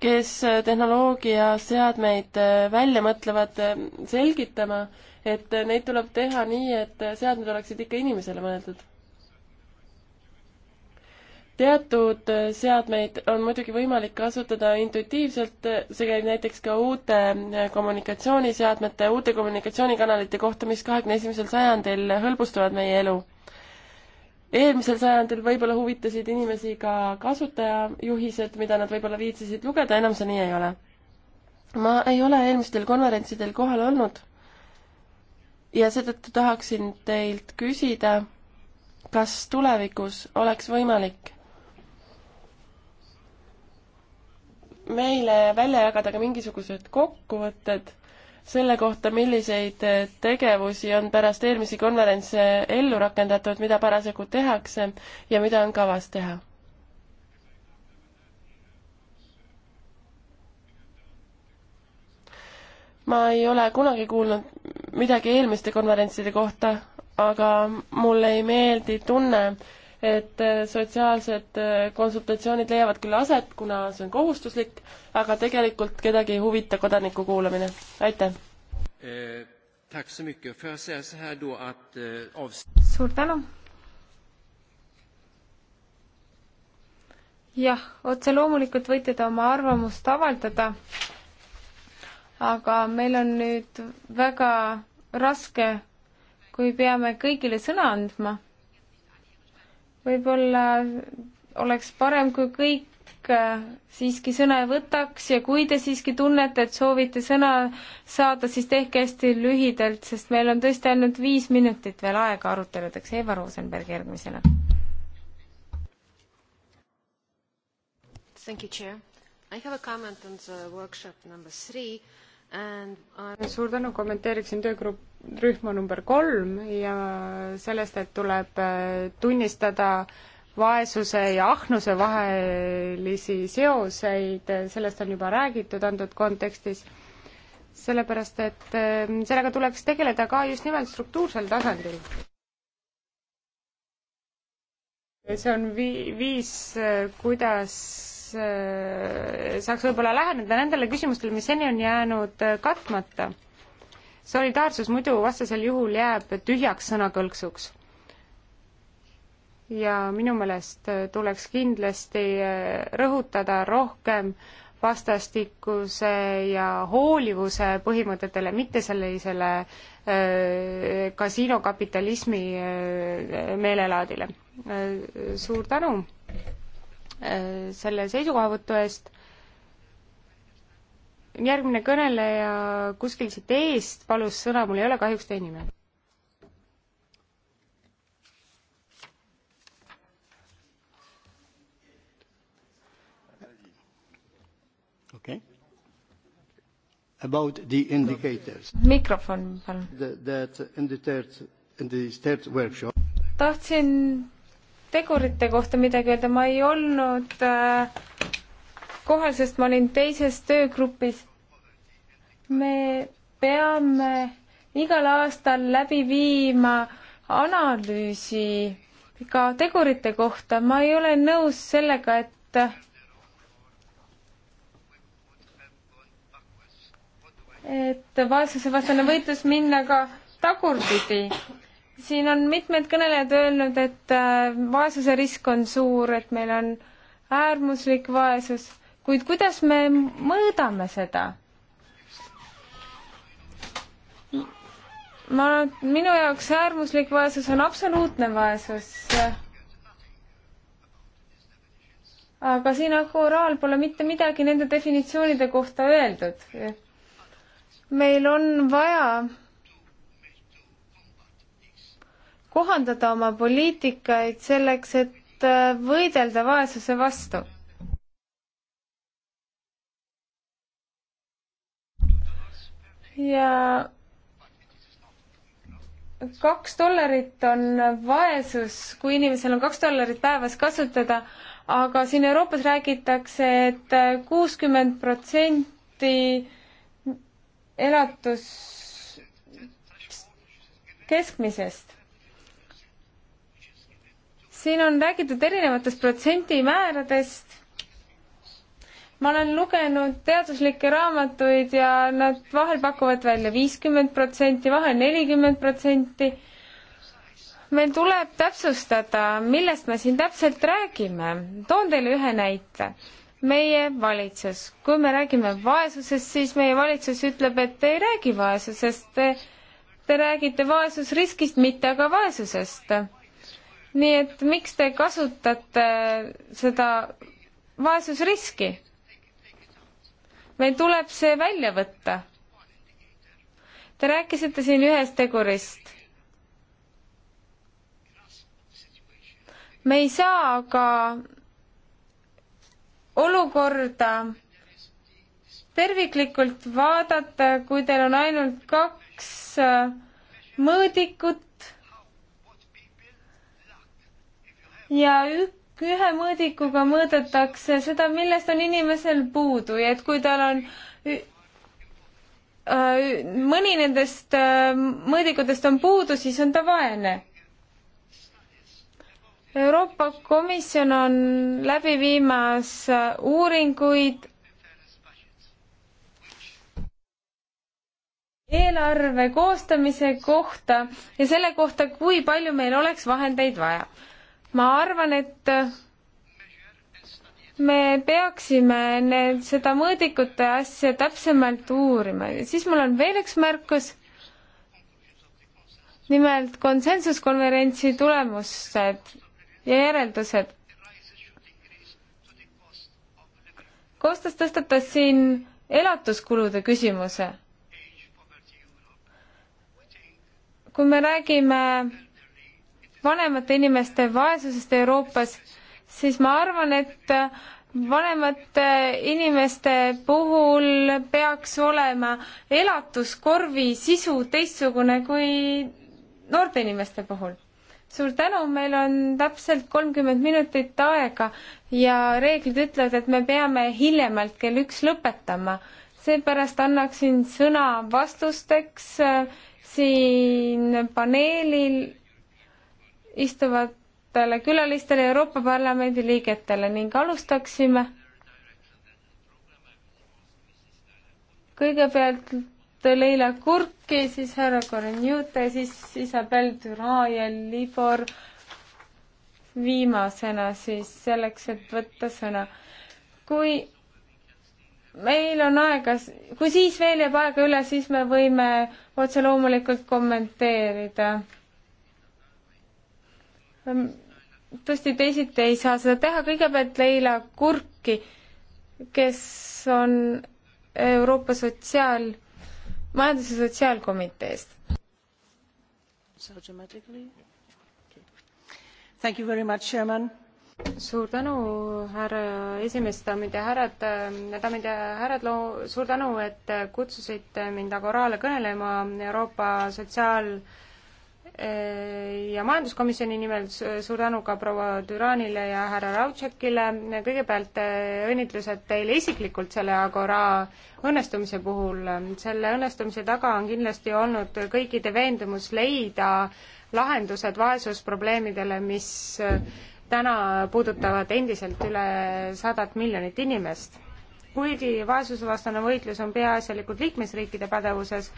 kes tehnoloogia seadmeid äh, välja mõtlevad, äh, selgitama, et neid tuleb teha nii, et seadmed oleksid ikka inimesele mõeldud. teatud seadmeid on muidugi võimalik kasutada intuitiivselt, see käib näiteks ka uute kommunikatsiooniseadmete, uute kommunikatsioonikanalite kohta, mis kahekümne esimesel sajandil hõlbustavad meie elu eelmisel sajandil võib-olla huvitasid inimesi ka kasutajajuhised, mida nad võib-olla viitsisid lugeda, enam see nii ei ole. ma ei ole eelmistel konverentsidel kohal olnud ja seetõttu tahaksin teilt küsida, kas tulevikus oleks võimalik meile välja jagada ka mingisugused kokkuvõtted selle kohta, milliseid tegevusi on pärast eelmisi konverentse ellu rakendatud, mida parasjagu tehakse ja mida on kavas teha ma ei ole kunagi kuulnud midagi eelmiste konverentside kohta, aga mulle ei meeldi tunne, et sotsiaalsed konsultatsioonid leiavad küll aset, kuna see on kohustuslik, aga tegelikult kedagi ei huvita kodaniku kuulamine. aitäh! Eh, eh, suur tänu! jah, otse loomulikult võite te oma arvamust avaldada aga meil on nüüd väga raske, kui peame kõigile sõna andma. võib-olla oleks parem, kui kõik äh, siiski sõna võtaks ja kui te siiski tunnete, et soovite sõna saada, siis tehke hästi lühidalt, sest meil on tõesti ainult viis minutit veel aega aruteludeks. Eva Rosenberg järgmisena. Thank you, Chair. I have a comment on the workshop number three. Uh, suur tänu, kommenteeriksin töögrupp, rühma number kolm ja sellest, et tuleb äh, tunnistada vaesuse ja ahnuse vahelisi seoseid, sellest on juba räägitud antud kontekstis, sellepärast et äh, sellega tuleks tegeleda ka just nimelt struktuursel tasandil. see on vi-, viis, äh, kuidas Äh, saaks võib-olla läheneda nendele küsimustele, mis seni on jäänud äh, katmata. solidaarsus muidu vastasel juhul jääb tühjaks sõnakõlksuks. ja minu meelest äh, tuleks kindlasti rõhutada rohkem vastastikuse ja hoolivuse põhimõtetele, mitte sellisele äh, kasiinokapitalismi äh, meelelaadile äh,. suur tänu! Äh, selle seisukohavõtu eest. järgmine kõneleja kuskil siit eest palus sõna, mul ei ole kahjuks teie nime. okei okay.. About the indicators. mikrofon palun. That in the third, in the third workshop. tahtsin tegurite kohta midagi öelda, ma ei olnud äh, kohal, sest ma olin teises töögrupis. me peame igal aastal läbi viima analüüsi ka tegurite kohta, ma ei ole nõus sellega, et et vaesusevastane võitlus minna ka tagurpidi siin on mitmed kõnelejad öelnud, et äh, vaesuse risk on suur, et meil on äärmuslik vaesus, kuid kuidas me mõõdame seda? ma, minu jaoks äärmuslik vaesus on absoluutne vaesus. aga siin Ahuraal pole mitte midagi nende definitsioonide kohta öeldud. meil on vaja kohandada oma poliitikaid selleks, et äh, võidelda vaesuse vastu. ja kaks dollarit on vaesus, kui inimesel on kaks dollarit päevas kasutada, aga siin Euroopas räägitakse et, et äh, kuuskümmend protsenti elatus keskmisest siin on räägitud erinevatest protsendimääradest. ma olen lugenud teaduslikke raamatuid ja nad vahel pakuvad välja viiskümmend protsenti, vahel nelikümmend protsenti. meil tuleb täpsustada, millest me siin täpselt räägime. toon teile ühe näite meie valitsus, kui me räägime vaesusest, siis meie valitsus ütleb, et te ei räägi vaesusest, te, te räägite vaesusriskist, mitte aga vaesusest nii et miks te kasutate seda vaesusriski? meil tuleb see välja võtta. Te rääkisite siin ühest tegurist. me ei saa aga olukorda terviklikult vaadata, kui teil on ainult kaks mõõdikut ja ühe mõõdikuga mõõdetakse seda, millest on inimesel puudu ja et kui tal on äh, mõni nendest äh, mõõdikutest on puudu, siis on ta vaene Euroopa Komisjon on läbi viimas äh, uuringuid eelarve koostamise kohta ja selle kohta, kui palju meil oleks vahendeid vaja ma arvan, et me peaksime need, seda mõõdikute asja täpsemalt uurima ja siis mul on veel üks märkus. nimelt konsensuskonverentsi tulemused ja järeldused. Kostas tõstatas siin elatuskulude küsimuse. kui me räägime vanemate inimeste vaesusest Euroopas, siis ma arvan, et vanemate inimeste puhul peaks olema elatuskorvi sisu teistsugune kui noorte inimeste puhul. suur tänu, meil on täpselt kolmkümmend minutit aega ja reeglid ütlevad, et me peame hiljemalt kell üks lõpetama. seepärast annaksin sõna vastusteks äh, siin paneelil istuvatele külalistele Euroopa Parlamendi liigetele ning alustaksime kõigepealt Leila Kurki, siis härra Korenjute, siis Isabel Duran ja Libor viimasena siis selleks, et võtta sõna. kui meil on aega, kui siis veel jääb aega üle, siis me võime otse loomulikult kommenteerida Ehm, tõesti teisiti ei saa seda teha, kõigepealt Leila Kurki, kes on Euroopa sotsiaal, majandus- ja sotsiaalkomiteest. suur tänu, härra esimees, daamid ja härrad, ehm, daamid ja härrad, loo-, suur tänu, et kutsusite mind Agorale kõnelema Euroopa sotsiaal- ja majanduskomisjoni nimel suur tänu ka proua Düranile ja härra Raudšekile. kõigepealt eh, õnnitlused teile isiklikult selle Agora õnnestumise puhul. selle õnnestumise taga on kindlasti olnud kõikide veendumus leida lahendused vaesusprobleemidele, mis eh, täna puudutavad endiselt üle sadat miljonit inimest. kuigi vaesusevastane võitlus on peaasjalikult liikmesriikide pädevuses,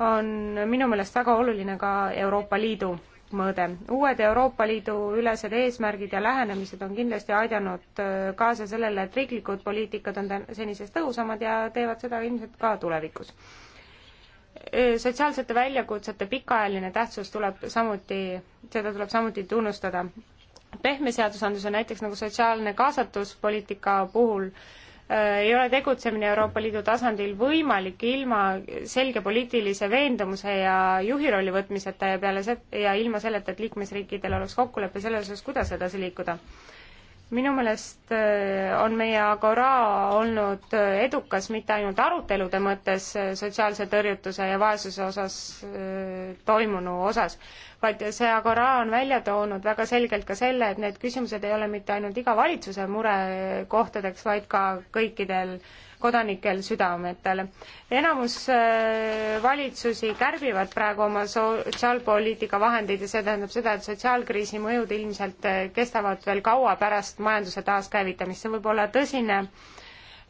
on minu meelest väga oluline ka Euroopa Liidu mõõde. uued Euroopa Liidu ülesed eesmärgid ja lähenemised on kindlasti aidanud äh, kaasa sellele, et riiklikud poliitikad on senisest tõhusamad ja teevad seda ilmselt ka tulevikus. Äh, sotsiaalsete väljakutsete pikaajaline tähtsus tuleb samuti, seda tuleb samuti tunnustada. pehme seadusandluse näiteks nagu sotsiaalne kaasatuspoliitika puhul äh, ei ole tegutsemine Euroopa Liidu tasandil võimalik ilma selge poliitilise veendumuse ja juhi rolli võtmiseta ja peale se- ja ilma selleta, et liikmesriikidel oleks kokkulepe selles osas, kuidas edasi liikuda. minu meelest äh, on meie Agora olnud äh, edukas mitte ainult arutelude mõttes äh, sotsiaalse tõrjutuse ja vaesuse osas toimunu osas, vaid see Agora on välja toonud väga selgelt ka selle, et need küsimused ei ole mitte ainult iga valitsuse murekohtadeks, vaid ka kõikidel kodanikel südametel. enamus äh, valitsusi kärbivad praegu oma sotsiaalpoliitika vahendeid ja see tähendab seda, et sotsiaalkriisi mõjud ilmselt äh, kestavad veel kaua pärast majanduse taaskäivitamist, see võib olla tõsine äh,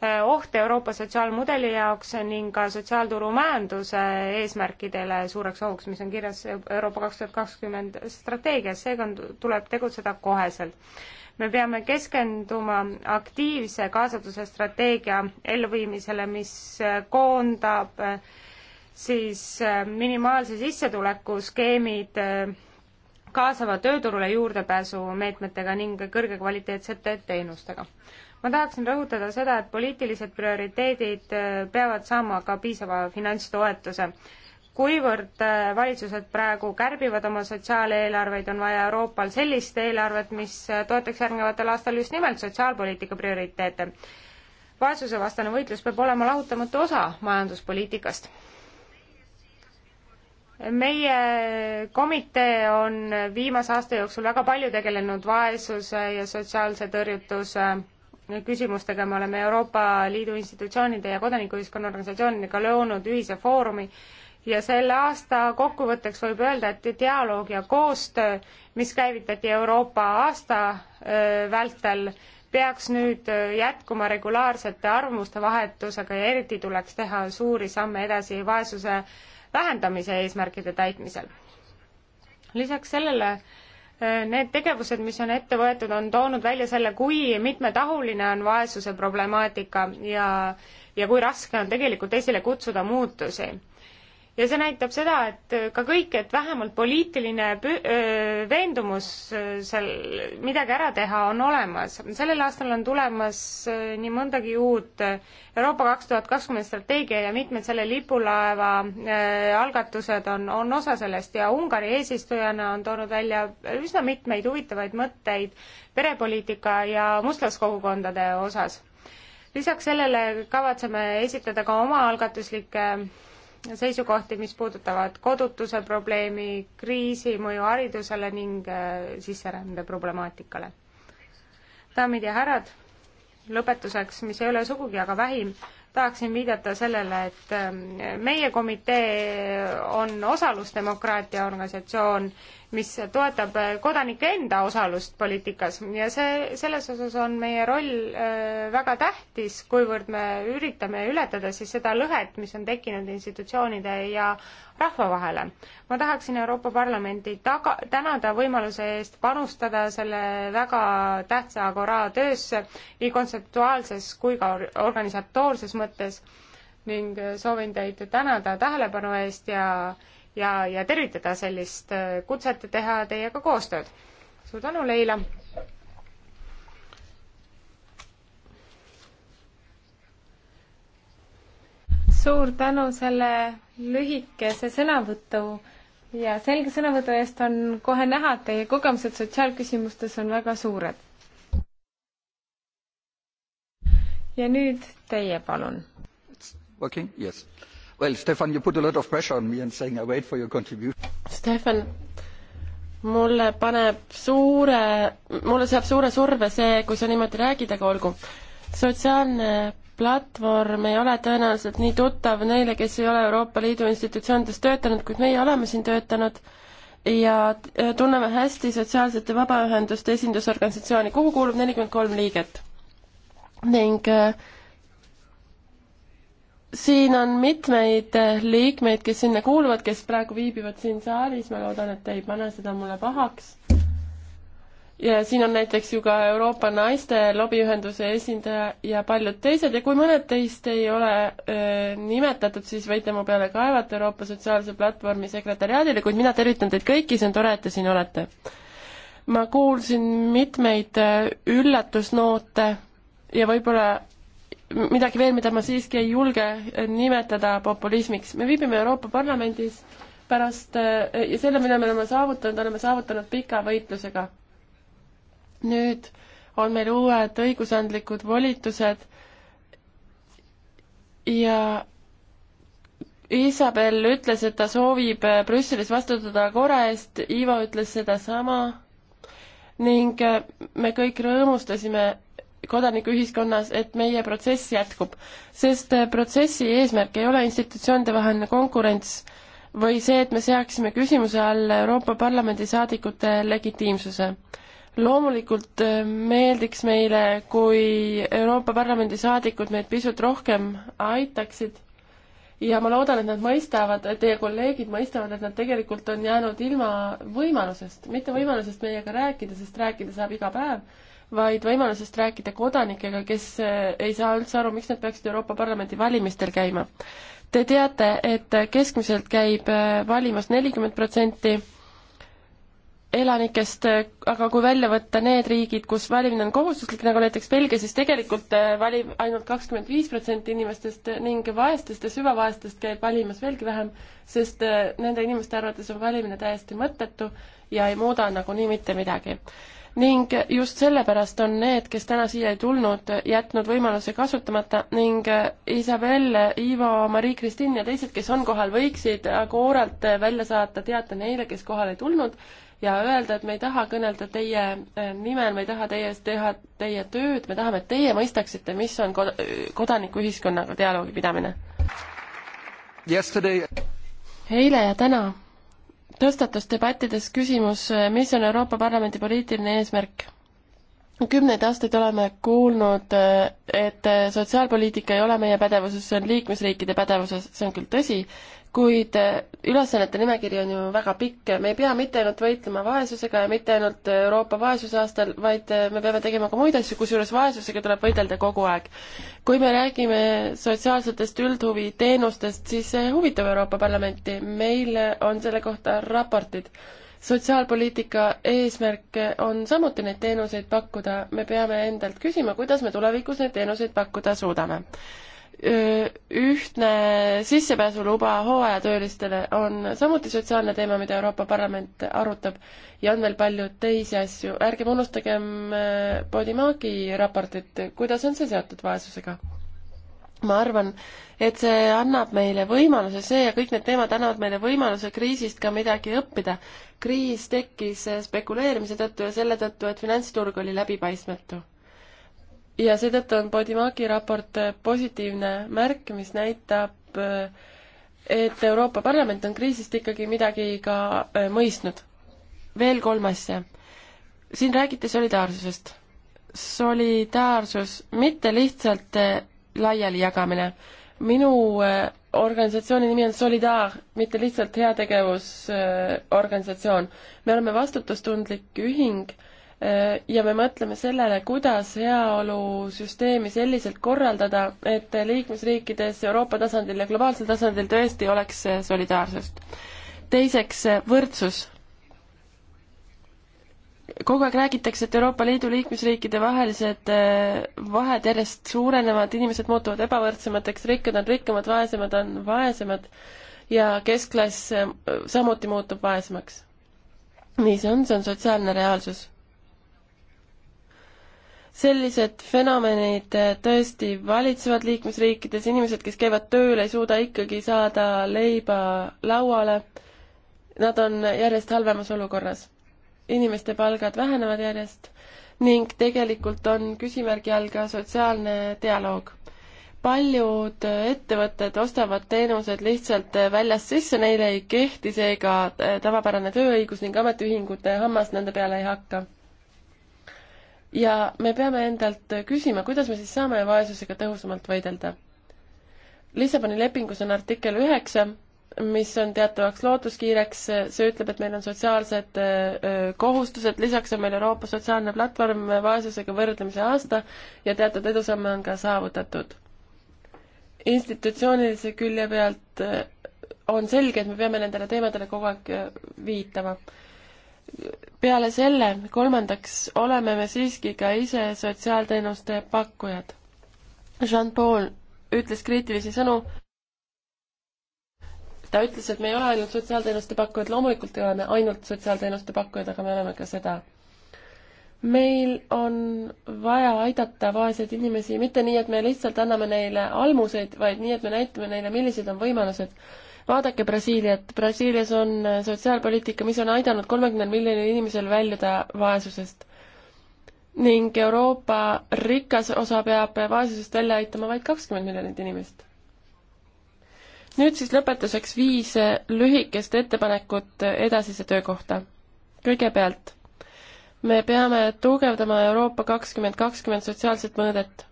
Äh, oht Euroopa sotsiaalmudeli jaoks ning ka sotsiaalturumajanduse eesmärkidele suureks ohuks, mis on kirjas Euroopa kaks tuhat kakskümmend strateegias, seega tuleb tegutseda koheselt. me peame keskenduma aktiivse kaasatuse strateegia elluviimisele, mis äh, koondab äh, siis minimaalse sissetuleku skeemid kaasava tööturule juurdepääsu meetmetega ning kõrgekvaliteetsete teenustega ma tahaksin rõhutada seda, et poliitilised prioriteedid äh, peavad saama ka piisava finantstoetuse. kuivõrd äh, valitsused praegu kärbivad oma sotsiaaleelarveid, on vaja Euroopal sellist eelarvet, mis äh, toetaks järgnevatel aastal just nimelt sotsiaalpoliitika prioriteete. vaesusevastane võitlus peab olema lahutamatu osa majanduspoliitikast meie komitee on viimase aasta jooksul väga palju tegelenud vaesuse ja sotsiaalse tõrjutuse küsimustega, me oleme Euroopa Liidu institutsioonide ja kodanikuühiskonna organisatsioonidega loonud ühise foorumi ja selle aasta kokkuvõtteks võib öelda, et dialoog ja koostöö, mis käivitati Euroopa aasta vältel, peaks nüüd jätkuma regulaarsete arvamuste vahetusega ja eriti tuleks teha suuri samme edasi vaesuse vähendamise eesmärkide täitmisel. lisaks sellele äh, need tegevused, mis on ette võetud, on toonud välja selle, kui mitmetahuline on vaesuse problemaatika ja, ja kui raske on tegelikult esile kutsuda muutusi ja see näitab seda, et ka kõik, et vähemalt poliitiline veendumus seal midagi ära teha on olemas. sellel aastal on tulemas nii mõndagi uut Euroopa kaks tuhat kakskümmend strateegia ja mitmed selle lipulaeva algatused on, on osa sellest ja Ungari eesistujana on toonud välja üsna mitmeid huvitavaid mõtteid perepoliitika ja mustlaskogukondade osas lisaks sellele kavatseme esitada ka omaalgatuslikke seisukohti, mis puudutavad kodutuse probleemi, kriisi mõju haridusele ning äh, sisserände problemaatikale. daamid ja härrad, lõpetuseks, mis ei ole sugugi aga vähim, tahaksin viidata sellele, et äh, meie komitee on osalusdemokraatia organisatsioon mis toetab äh, kodanike enda osalust poliitikas ja see, selles osas on meie roll äh, väga tähtis, kuivõrd me üritame ületada siis seda lõhet, mis on tekkinud institutsioonide ja rahva vahele. ma tahaksin Euroopa Parlamenti taga, tänada võimaluse eest panustada selle väga tähtsa Agora töösse nii kontseptuaalses kui ka organisatoorses mõttes ning äh, soovin teid tänada tähelepanu eest ja ja, ja tervitada sellist äh, kutset ja teha teiega koostööd. suur tänu, Leila! suur tänu selle lühikese sõnavõtu ja selge sõnavõtu eest on kohe näha, et teie kogemused sotsiaalküsimustes on väga suured. ja nüüd teie, palun. okei okay,, jess Well, Stefan, you put a lot of pressure on me and saying I wait for your contribution. Stefan, mulle paneb suure, mulle saab suure surve see, kui sa niimoodi räägid, aga olgu. sotsiaalne platvorm ei ole tõenäoliselt nii tuttav neile, kes ei ole Euroopa Liidu institutsioonides töötanud, kuid meie oleme siin töötanud ja tunneme hästi sotsiaalsete vabaühenduste esindusorganisatsiooni, kuhu kuulub nelikümmend kolm liiget. ning äh, siin on mitmeid eh, liikmeid, kes sinna kuuluvad, kes praegu viibivad siin saalis, ma loodan, et te ei pane seda mulle pahaks. ja siin on näiteks ju ka Euroopa Naiste Lobiühenduse esindaja ja paljud teised ja kui mõned teist ei ole öö, eh, nimetatud, siis võite mu peale kaevata Euroopa Sotsiaalse Platvormi sekretäriaadile, kuid mina tervitan teid kõiki, see on tore, et te siin olete. ma kuulsin mitmeid eh, üllatusnoote ja võib-olla midagi veel, mida ma siiski ei julge nimetada populismiks. me viibime Euroopa Parlamendis pärast eh, ja selle, mida me oleme saavutanud, oleme saavutanud pika võitlusega. nüüd on meil uued õigusandlikud volitused ja Isabel ütles, et ta soovib eh, Brüsselis vastutada korra eest, Ivo ütles sedasama ning eh, me kõik rõõmustasime kodanikuühiskonnas, et meie protsess jätkub. sest äh, protsessi eesmärk ei ole institutsioonide vaheline konkurents või see, et me seaksime küsimuse alla Euroopa Parlamendi saadikute legitiimsuse. loomulikult äh, meeldiks meile, kui Euroopa Parlamendi saadikud meid pisut rohkem aitaksid ja ma loodan, et nad mõistavad, teie kolleegid mõistavad, et nad tegelikult on jäänud ilma võimalusest, mitte võimalusest meiega rääkida, sest rääkida saab iga päev vaid võimalusest rääkida kodanikega, kes eh, ei saa üldse aru, miks nad peaksid Euroopa Parlamendi valimistel käima. Te teate, et keskmiselt käib eh, valimas nelikümmend protsenti elanikest, eh, aga kui välja võtta need riigid, kus valimine on kohustuslik, nagu näiteks Belgia, siis tegelikult valib ainult kakskümmend viis protsenti inimestest ning vaestest ja süvavaestest käib valimas veelgi vähem, sest nende inimeste arvates on valimine täiesti mõttetu ja ei muuda nagunii mitte midagi ning just sellepärast on need, kes täna siia ei tulnud, jätnud võimaluse kasutamata ning äh, Isabel, Ivo, Marie-Kristin ja teised, kes on kohal, võiksid Agoralt äh, välja saata teate neile, kes kohale ei tulnud ja öelda, et me ei taha kõnelda teie äh, nimel, me ei taha teie eest teha teie tööd, me tahame, et teie mõistaksite, mis on kod-, kodanikuühiskonnaga dialoogi pidamine. eile ja täna tõstatus debattides küsimus, mis on Euroopa Parlamendi poliitiline eesmärk kümneid aastaid oleme kuulnud, et sotsiaalpoliitika ei ole meie pädevuses, see on liikmesriikide pädevuses, see on küll tõsi, kuid ülesannete nimekiri on ju väga pikk, me ei pea mitte ainult võitlema vaesusega ja mitte ainult Euroopa vaesusaastal, vaid me peame tegema ka muid asju, kusjuures vaesusega tuleb võidelda kogu aeg. kui me räägime sotsiaalsetest üldhuviteenustest, siis see huvitab Euroopa Parlamenti, meil on selle kohta raportid sotsiaalpoliitika eesmärk on samuti neid teenuseid pakkuda, me peame endalt küsima, kuidas me tulevikus neid teenuseid pakkuda suudame. Ühtne sissepääsuluba hooajatöölistele on samuti sotsiaalne teema, mida Euroopa Parlament arutab ja on veel palju teisi asju, ärgem unustagem äh, Podimagi raportit, kuidas on see seotud vaesusega ma arvan, et see annab meile võimaluse, see ja kõik need teemad annavad meile võimaluse kriisist ka midagi õppida. kriis tekkis spekuleerimise tõttu ja selle tõttu, et finantsturg oli läbipaistmatu. ja seetõttu on Podimaki raport positiivne märk, mis näitab, et Euroopa Parlament on kriisist ikkagi midagi ka äh, mõistnud. veel kolm asja. siin räägiti solidaarsusest. solidaarsus mitte lihtsalt äh, laialijagamine. minu äh, organisatsiooni nimi on Solidaar, mitte lihtsalt heategevusorganisatsioon. me oleme vastutustundlik ühing äh, ja me mõtleme sellele, kuidas heaolusüsteemi selliselt korraldada, et liikmesriikides Euroopa tasandil ja globaalsel tasandil tõesti oleks äh, solidaarsust. teiseks, võrdsus kogu aeg räägitakse, et Euroopa Liidu liikmesriikide vahelised äh, vahed järjest suurenevad, inimesed muutuvad ebavõrdsemateks, rikkad on rikkamad, vaesemad on vaesemad ja keskklass äh, samuti muutub vaesemaks. nii see on, see on sotsiaalne reaalsus. sellised fenomenid äh, tõesti valitsevad liikmesriikides, inimesed, kes käivad tööl, ei suuda ikkagi saada leiba lauale, nad on järjest halvemas olukorras inimeste palgad vähenevad järjest ning tegelikult on küsimärgi all ka sotsiaalne dialoog. paljud ettevõtted ostavad teenused lihtsalt väljast sisse, neile ei kehti seega tavapärane tööõigus ning ametiühingute hammas nende peale ei hakka. ja me peame endalt küsima, kuidas me siis saame vaesusega tõhusamalt võidelda. Lissaboni lepingus on artikkel üheksa, mis on teatavaks lootuskiireks, see ütleb, et meil on sotsiaalsed äh, äh, kohustused, lisaks on meil Euroopa sotsiaalne platvorm vaesusega võrdlemise aasta ja teatud edusamme on ka saavutatud. institutsioonilise külje pealt äh, on selge, et me peame nendele teemadele kogu aeg viitama. peale selle, kolmandaks, oleme me siiski ka ise sotsiaalteenuste pakkujad. Jean-Paul ütles kriitilisi sõnu ta ütles, et me ei ole ainult sotsiaalteenuste pakkujad, loomulikult ei ole me ainult sotsiaalteenuste pakkujad, aga me oleme ka seda. meil on vaja aidata vaeseid inimesi, mitte nii, et me lihtsalt anname neile almuseid, vaid nii, et me näitame neile, millised on võimalused. vaadake Brasiiliat, Brasiilias on sotsiaalpoliitika, mis on aidanud kolmekümnel miljonil inimesel väljuda vaesusest. ning Euroopa rikas osa peab vaesusest välja aitama vaid kakskümmend miljonit inimest nüüd siis lõpetuseks viis eh, lühikest ettepanekut edasise töö kohta. kõigepealt, me peame tugevdama Euroopa kakskümmend kakskümmend sotsiaalset mõõdet.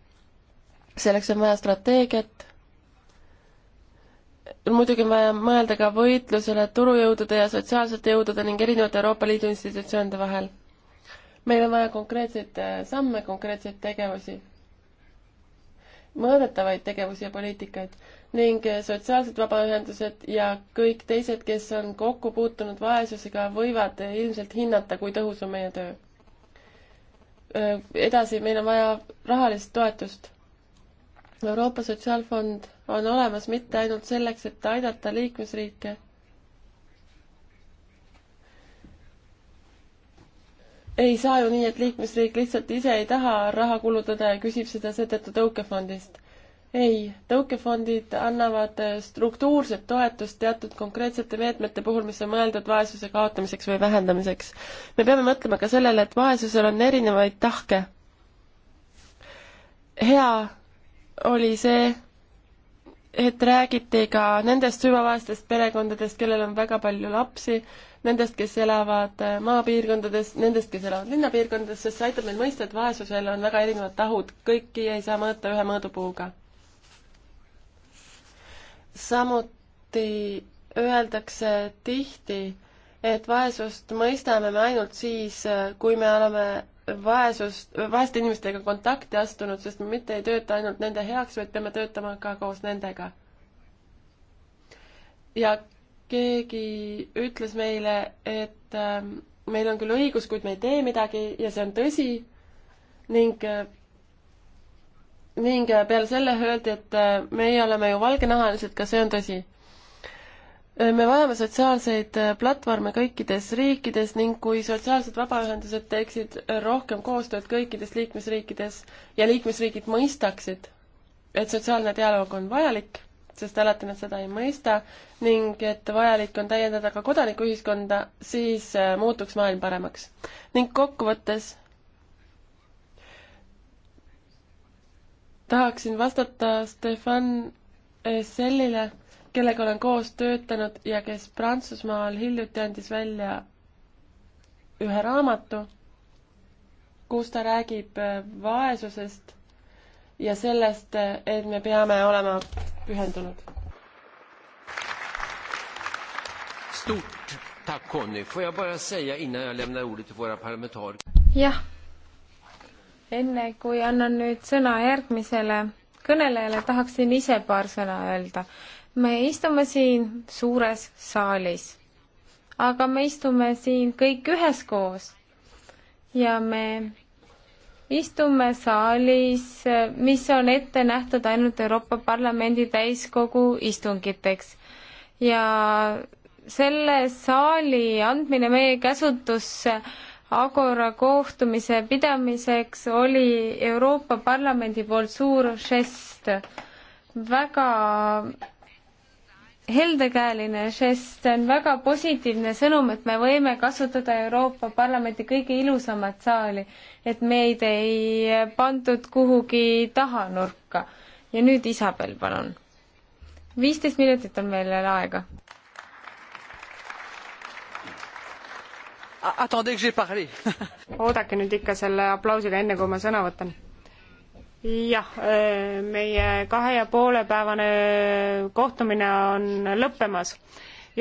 selleks on vaja strateegiat, muidugi on vaja mõelda ka võitlusele turujõudude ja sotsiaalsete jõudude ning erinevate Euroopa Liidu institutsioonide vahel. meil on vaja konkreetseid eh, samme, konkreetseid tegevusi, mõõdetavaid tegevusi ja poliitikaid ning sotsiaalsed vabaühendused ja kõik teised, kes on kokku puutunud vaesusega, võivad ilmselt hinnata, kui tõhus on meie töö. edasi, meil on vaja rahalist toetust. Euroopa Sotsiaalfond on olemas mitte ainult selleks, et aidata liikmesriike, ei saa ju nii, et liikmesriik lihtsalt ise ei taha raha kulutada ja küsib seda seetõttu tõukefondist ei, tõukefondid annavad eh, struktuurset toetust teatud konkreetsete meetmete puhul, mis on mõeldud vaesuse kaotamiseks või vähendamiseks. me peame mõtlema ka sellele, et vaesusel on erinevaid tahke. hea oli see, et räägiti ka nendest süvavaestest perekondadest, kellel on väga palju lapsi, nendest, kes elavad eh, maapiirkondades, nendest, kes elavad linnapiirkondades, sest see aitab meil mõista, et vaesusel on väga erinevad tahud, kõiki ei saa mõõta ühe mõõdupuuga samuti öeldakse tihti, et vaesust mõistame me ainult siis, kui me oleme vaesust, vaeste inimestega kontakti astunud, sest me mitte ei tööta ainult nende heaks, vaid peame töötama ka koos nendega. ja keegi ütles meile, et ähm, meil on küll õigus, kuid me ei tee midagi ja see on tõsi ning äh, ning äh, peale selle öeldi, et äh, meie oleme ju valgenahalised, ka see on tõsi. Äh, me vajame sotsiaalseid platvorme kõikides riikides ning kui sotsiaalsed vabaühendused teeksid rohkem koostööd kõikides liikmesriikides ja liikmesriigid mõistaksid, et sotsiaalne dialoog on vajalik, sest alati nad seda ei mõista ning et vajalik on täiendada ka kodanikuühiskonda, siis muutuks maailm paremaks. ning kokkuvõttes tahaksin vastata Stefan eh, Sellile, kellega olen koos töötanud ja kes Prantsusmaal hiljuti andis välja ühe raamatu, kus ta räägib eh, vaesusest ja sellest, eh, et me peame olema pühendunud. jah enne kui annan nüüd sõna järgmisele kõnelejale, tahaksin ise paar sõna öelda. me istume siin suures saalis, aga me istume siin kõik üheskoos ja me istume saalis, mis on ette nähtud ainult Euroopa Parlamendi täiskogu istungiteks. ja selle saali andmine meie käsutusse äh, Agora kohtumise pidamiseks oli Euroopa Parlamendi poolt suur žest, väga heldekäeline žest, see on väga positiivne sõnum, et me võime kasutada Euroopa Parlamendi kõige ilusamat saali, et meid ei pandud kuhugi tahanurka. ja nüüd Isabel, palun. viisteist minutit on meil veel aega Ah, oodake nüüd ikka selle aplausiga, enne kui ma sõna võtan. jah, äh, meie kahe ja poole päevane äh, kohtumine on lõppemas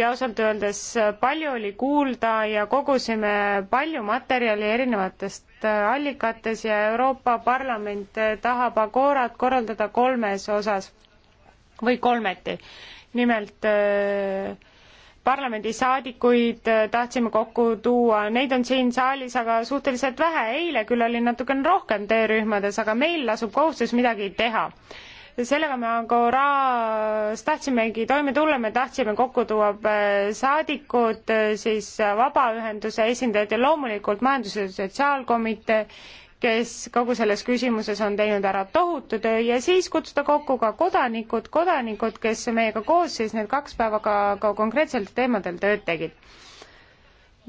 ja ausalt öeldes äh, palju oli kuulda ja kogusime palju materjali erinevatest allikates ja Euroopa Parlament tahab Agorat korraldada kolmes osas või kolmeti. nimelt äh, parlamendisaadikuid äh, tahtsime kokku tuua, neid on siin saalis aga suhteliselt vähe, eile küll oli natukene rohkem töörühmades, aga meil lasub kohustus midagi teha. sellega me Agoras tahtsimegi toime tulla, me tahtsime kokku tuua äh, saadikud, äh, siis vabaühenduse esindajad ja loomulikult majandus- ja sotsiaalkomitee kes kogu selles küsimuses on teinud ära tohutu töö ja siis kutsuda kokku ka kodanikud, kodanikud, kes meiega koos siis need kaks päeva ka, ka konkreetselt teemadel tööd tegid.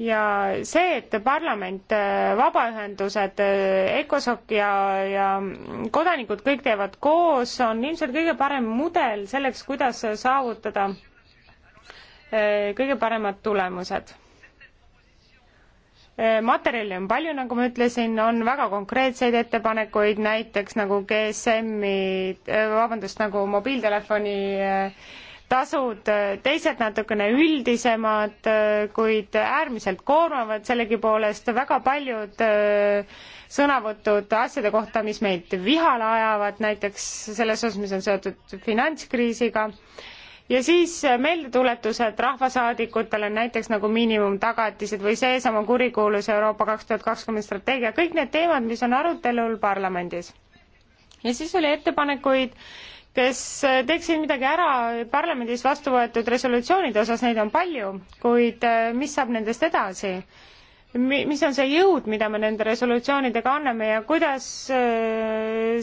ja see, et parlament, äh, vabaühendused, äh, Ecosok ja, ja kodanikud kõik teevad koos, on ilmselt kõige parem mudel selleks, kuidas saavutada äh, kõige paremad tulemused Äh, materjali on palju, nagu ma ütlesin, on väga konkreetseid ettepanekuid, näiteks nagu GSM-i, äh, vabandust, nagu mobiiltelefoni äh, tasud, teised natukene üldisemad, kuid äärmiselt koormavad sellegipoolest, väga paljud sõnavõtud asjade kohta, mis meid vihale ajavad, näiteks selles osas, mis on seotud finantskriisiga ja siis äh, meeldetuletused rahvasaadikutele, näiteks nagu miinimumtagatised või seesama kurikuulus Euroopa kaks tuhat kakskümmend strateegia, kõik need teemad, mis on arutelul parlamendis. ja siis oli ettepanekuid, kes äh, teeksid midagi ära parlamendis vastu võetud resolutsioonide osas, neid on palju, kuid äh, mis saab nendest edasi? mis on see jõud, mida me nende resolutsioonidega anname ja kuidas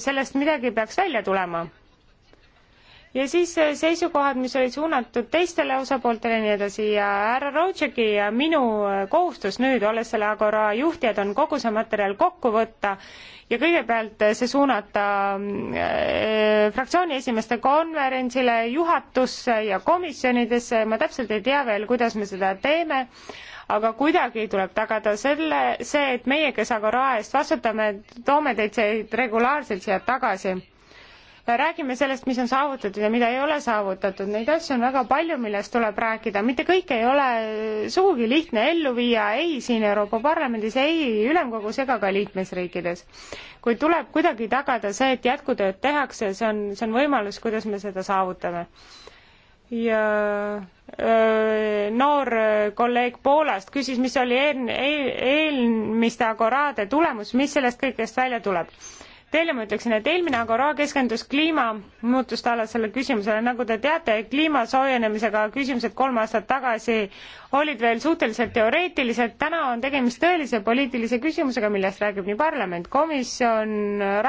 sellest midagi peaks välja tulema? ja siis äh, seisukohad, mis olid suunatud teistele osapooltele ja nii edasi ja härra Rootšeki ja minu äh, kohustus nüüd, olles selle Agora juhtijad, on kogu see materjal kokku võtta ja kõigepealt äh, see suunata mm, äh, fraktsiooni esimeeste konverentsile, juhatusse ja komisjonidesse, ma täpselt ei tea veel, kuidas me seda teeme aga kuidagi tuleb tagada selle, see, et meie, kes Agora eest vastutame, toome teid regulaarselt siia tagasi räägime sellest, mis on saavutatud ja mida ei ole saavutatud, neid asju on väga palju, millest tuleb rääkida, mitte kõike ei ole sugugi lihtne ellu viia ei siin Euroopa Parlamendis, ei ülemkogus ega ka liikmesriikides. kuid tuleb kuidagi tagada see, et jätkutööd tehakse, see on, see on võimalus, kuidas me seda saavutame ja öö, noor kolleeg Poolast küsis, mis oli eelmiste eel, eel, agorade tulemus, mis sellest kõigest välja tuleb Teile ma ütleksin, et eelmine Agora keskendus kliimamuutuste alasele küsimusele, nagu te teate, kliima soojenemisega küsimused kolm aastat tagasi olid veel suhteliselt teoreetilised, täna on tegemist tõelise poliitilise küsimusega, millest räägib nii parlament, komisjon,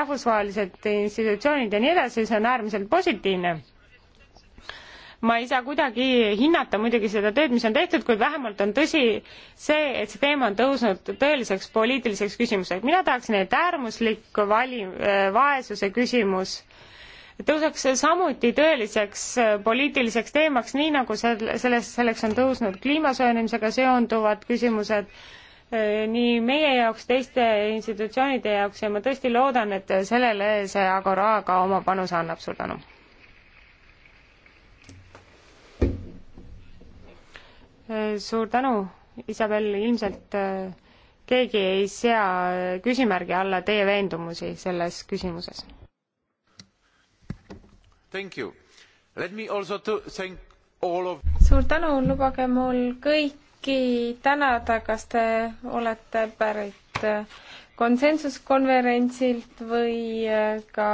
rahvusvahelised institutsioonid ja nii edasi, see on äärmiselt positiivne ma ei saa kuidagi hinnata muidugi seda tööd, mis on tehtud, kuid vähemalt on tõsi see, et see teema on tõusnud tõeliseks poliitiliseks küsimuseks. mina tahaksin, et äärmuslik vali-, äh, vaesuse küsimus tõuseks samuti tõeliseks äh, poliitiliseks teemaks, nii nagu sel-, selles, selleks on tõusnud kliima soojenemisega seonduvad küsimused, äh, nii meie jaoks, teiste institutsioonide jaoks ja ma tõesti loodan, et sellele see Agora ka oma panuse annab, suur tänu! Äh, suur tänu, Isabel, ilmselt äh, keegi ei sea äh, küsimärgi alla teie veendumusi selles küsimuses. Of... suur tänu, lubage mul kõiki tänada, kas te olete pärit konsensuskonverentsilt või ka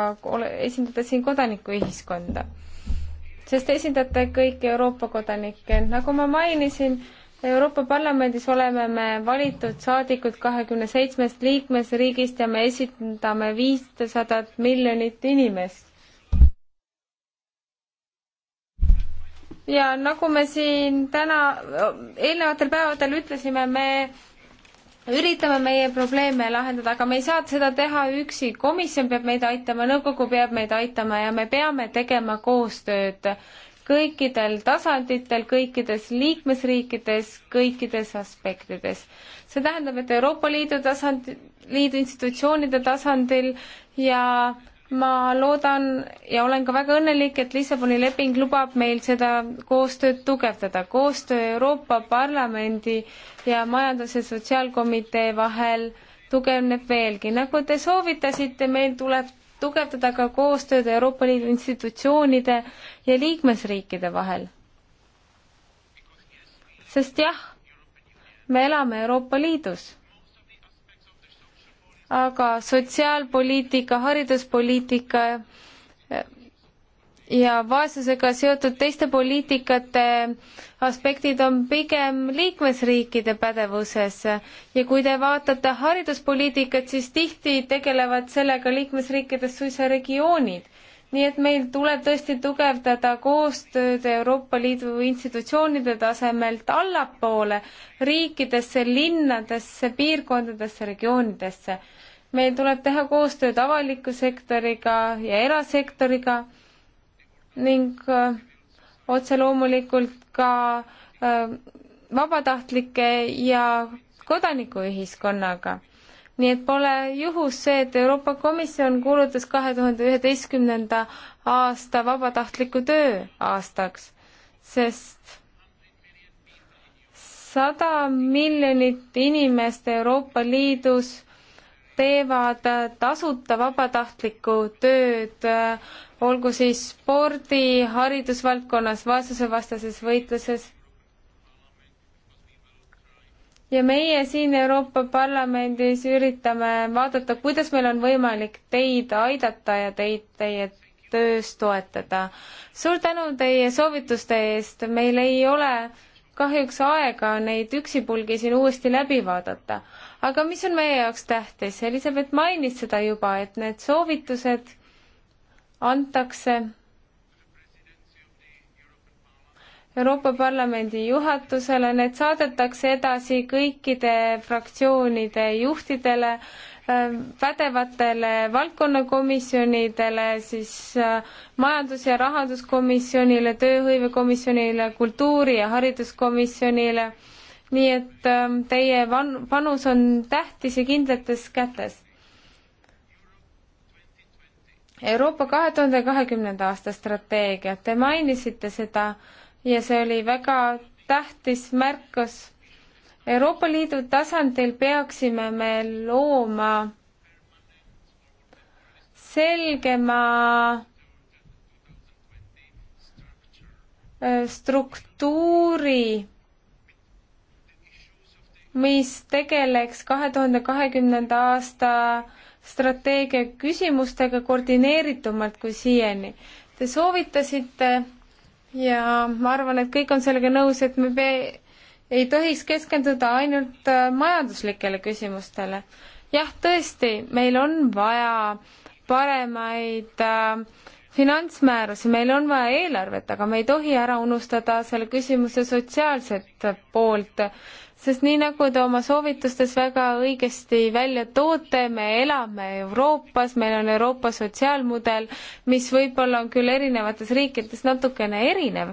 esindate siin kodanikuühiskonda sest esindate kõiki Euroopa kodanikke. nagu ma mainisin, Euroopa Parlamendis oleme me valitud saadikud kahekümne seitsmest liikmesriigist ja me esindame viitesadat miljonit inimest. ja nagu me siin täna, eelnevatel päevadel ütlesime, me üritame meie probleeme lahendada, aga me ei saa seda teha üksi. komisjon peab meid aitama, nõukogu peab meid aitama ja me peame tegema koostööd kõikidel tasanditel, kõikides liikmesriikides, kõikides aspektides. see tähendab, et Euroopa Liidu tasand, liidu institutsioonide tasandil ja ma loodan ja olen ka väga õnnelik, et Lissaboni leping lubab meil seda koostööd tugevdada. koostöö Euroopa Parlamendi ja Majandus- ja Sotsiaalkomitee vahel tugevneb veelgi. nagu te soovitasite, meil tuleb tugevdada ka koostööd Euroopa Liidu institutsioonide ja liikmesriikide vahel. sest jah, me elame Euroopa Liidus aga sotsiaalpoliitika, hariduspoliitika eh, ja vaesusega seotud teiste poliitikate aspektid on pigem liikmesriikide pädevuses ja kui te vaatate hariduspoliitikat, siis tihti tegelevad sellega liikmesriikides suisa regioonid nii et meil tuleb tõesti tugevdada koostööd Euroopa Liidu institutsioonide tasemelt allapoole, riikidesse, linnadesse, piirkondadesse, regioonidesse. meil tuleb teha koostööd avaliku sektoriga ja erasektoriga ning äh, otse loomulikult ka äh, vabatahtlike ja kodanikuühiskonnaga nii et pole juhus see, et Euroopa Komisjon kuulutas kahe tuhande üheteistkümnenda aasta vabatahtliku töö aastaks, sest sada miljonit inimest Euroopa Liidus teevad tasuta vabatahtlikku tööd, olgu siis spordi, haridusvaldkonnas, vaesusevastases võitluses ja meie siin Euroopa Parlamendis üritame vaadata, kuidas meil on võimalik teid aidata ja teid teie töös toetada. suur tänu teie soovituste eest, meil ei ole kahjuks aega neid üksipulgi siin uuesti läbi vaadata. aga mis on meie jaoks tähtis, Elizabeth mainis seda juba, et need soovitused antakse Euroopa Parlamendi juhatusele, need saadetakse edasi kõikide fraktsioonide juhtidele, ähm, pädevatele valdkonnakomisjonidele, siis äh, majandus- ja rahanduskomisjonile, tööhõivekomisjonile, kultuuri- ja hariduskomisjonile, nii et ähm, teie van-, panus on tähtis ja kindlates kätes. Euroopa kahe tuhande kahekümnenda aasta strateegia, te mainisite seda, ja see oli väga tähtis märkus. Euroopa Liidu tasandil peaksime me looma selgema äh, struktuuri, mis tegeleks kahe tuhande kahekümnenda aasta strateegia küsimustega koordineeritumalt kui siiani. Te soovitasite ja ma arvan, et kõik on sellega nõus, et me pe-, ei tohiks keskenduda ainult äh, majanduslikele küsimustele. jah, tõesti, meil on vaja paremaid äh, finantsmäärusi, meil on vaja eelarvet, aga me ei tohi ära unustada selle küsimuse sotsiaalset poolt sest nii nagu te oma soovitustes väga õigesti välja toote, me elame Euroopas, meil on Euroopa sotsiaalmudel, mis võib-olla on küll erinevates riikides natukene erinev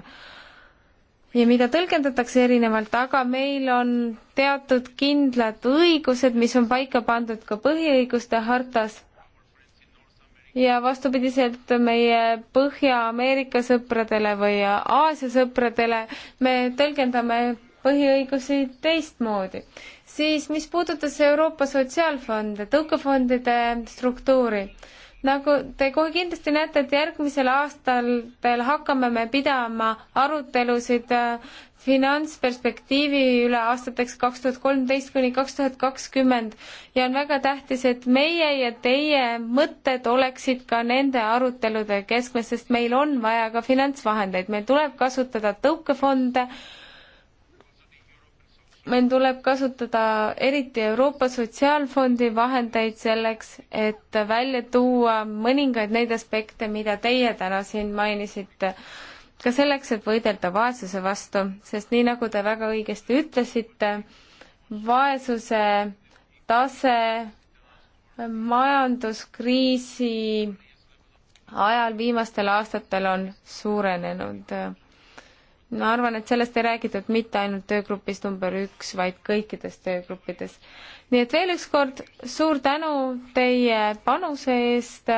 ja mida tõlgendatakse erinevalt, aga meil on teatud kindlad õigused, mis on paika pandud ka põhiõiguste hartas ja vastupidiselt meie Põhja-Ameerika sõpradele või Aasia sõpradele me tõlgendame põhiõigusi teistmoodi. siis, mis puudutas Euroopa Sotsiaalfonde, tõukefondide struktuuri, nagu te kohe kindlasti näete, et järgmisel aastal veel hakkame me pidama arutelusid äh, finantsperspektiivi üle aastateks kaks tuhat kolmteist kuni kaks tuhat kakskümmend ja on väga tähtis, et meie ja teie mõtted oleksid ka nende arutelude keskmes, sest meil on vaja ka finantsvahendeid, meil tuleb kasutada tõukefonde meil tuleb kasutada eriti Euroopa Sotsiaalfondi vahendeid selleks, et välja tuua mõningaid neid aspekte, mida teie täna siin mainisite, ka selleks, et võidelda vaesuse vastu, sest nii, nagu te väga õigesti ütlesite, vaesuse tase majanduskriisi ajal viimastel aastatel on suurenenud ma arvan, et sellest ei räägitud mitte ainult töögrupis number üks, vaid kõikides töögruppides. nii et veel ükskord suur tänu teie panuse eest.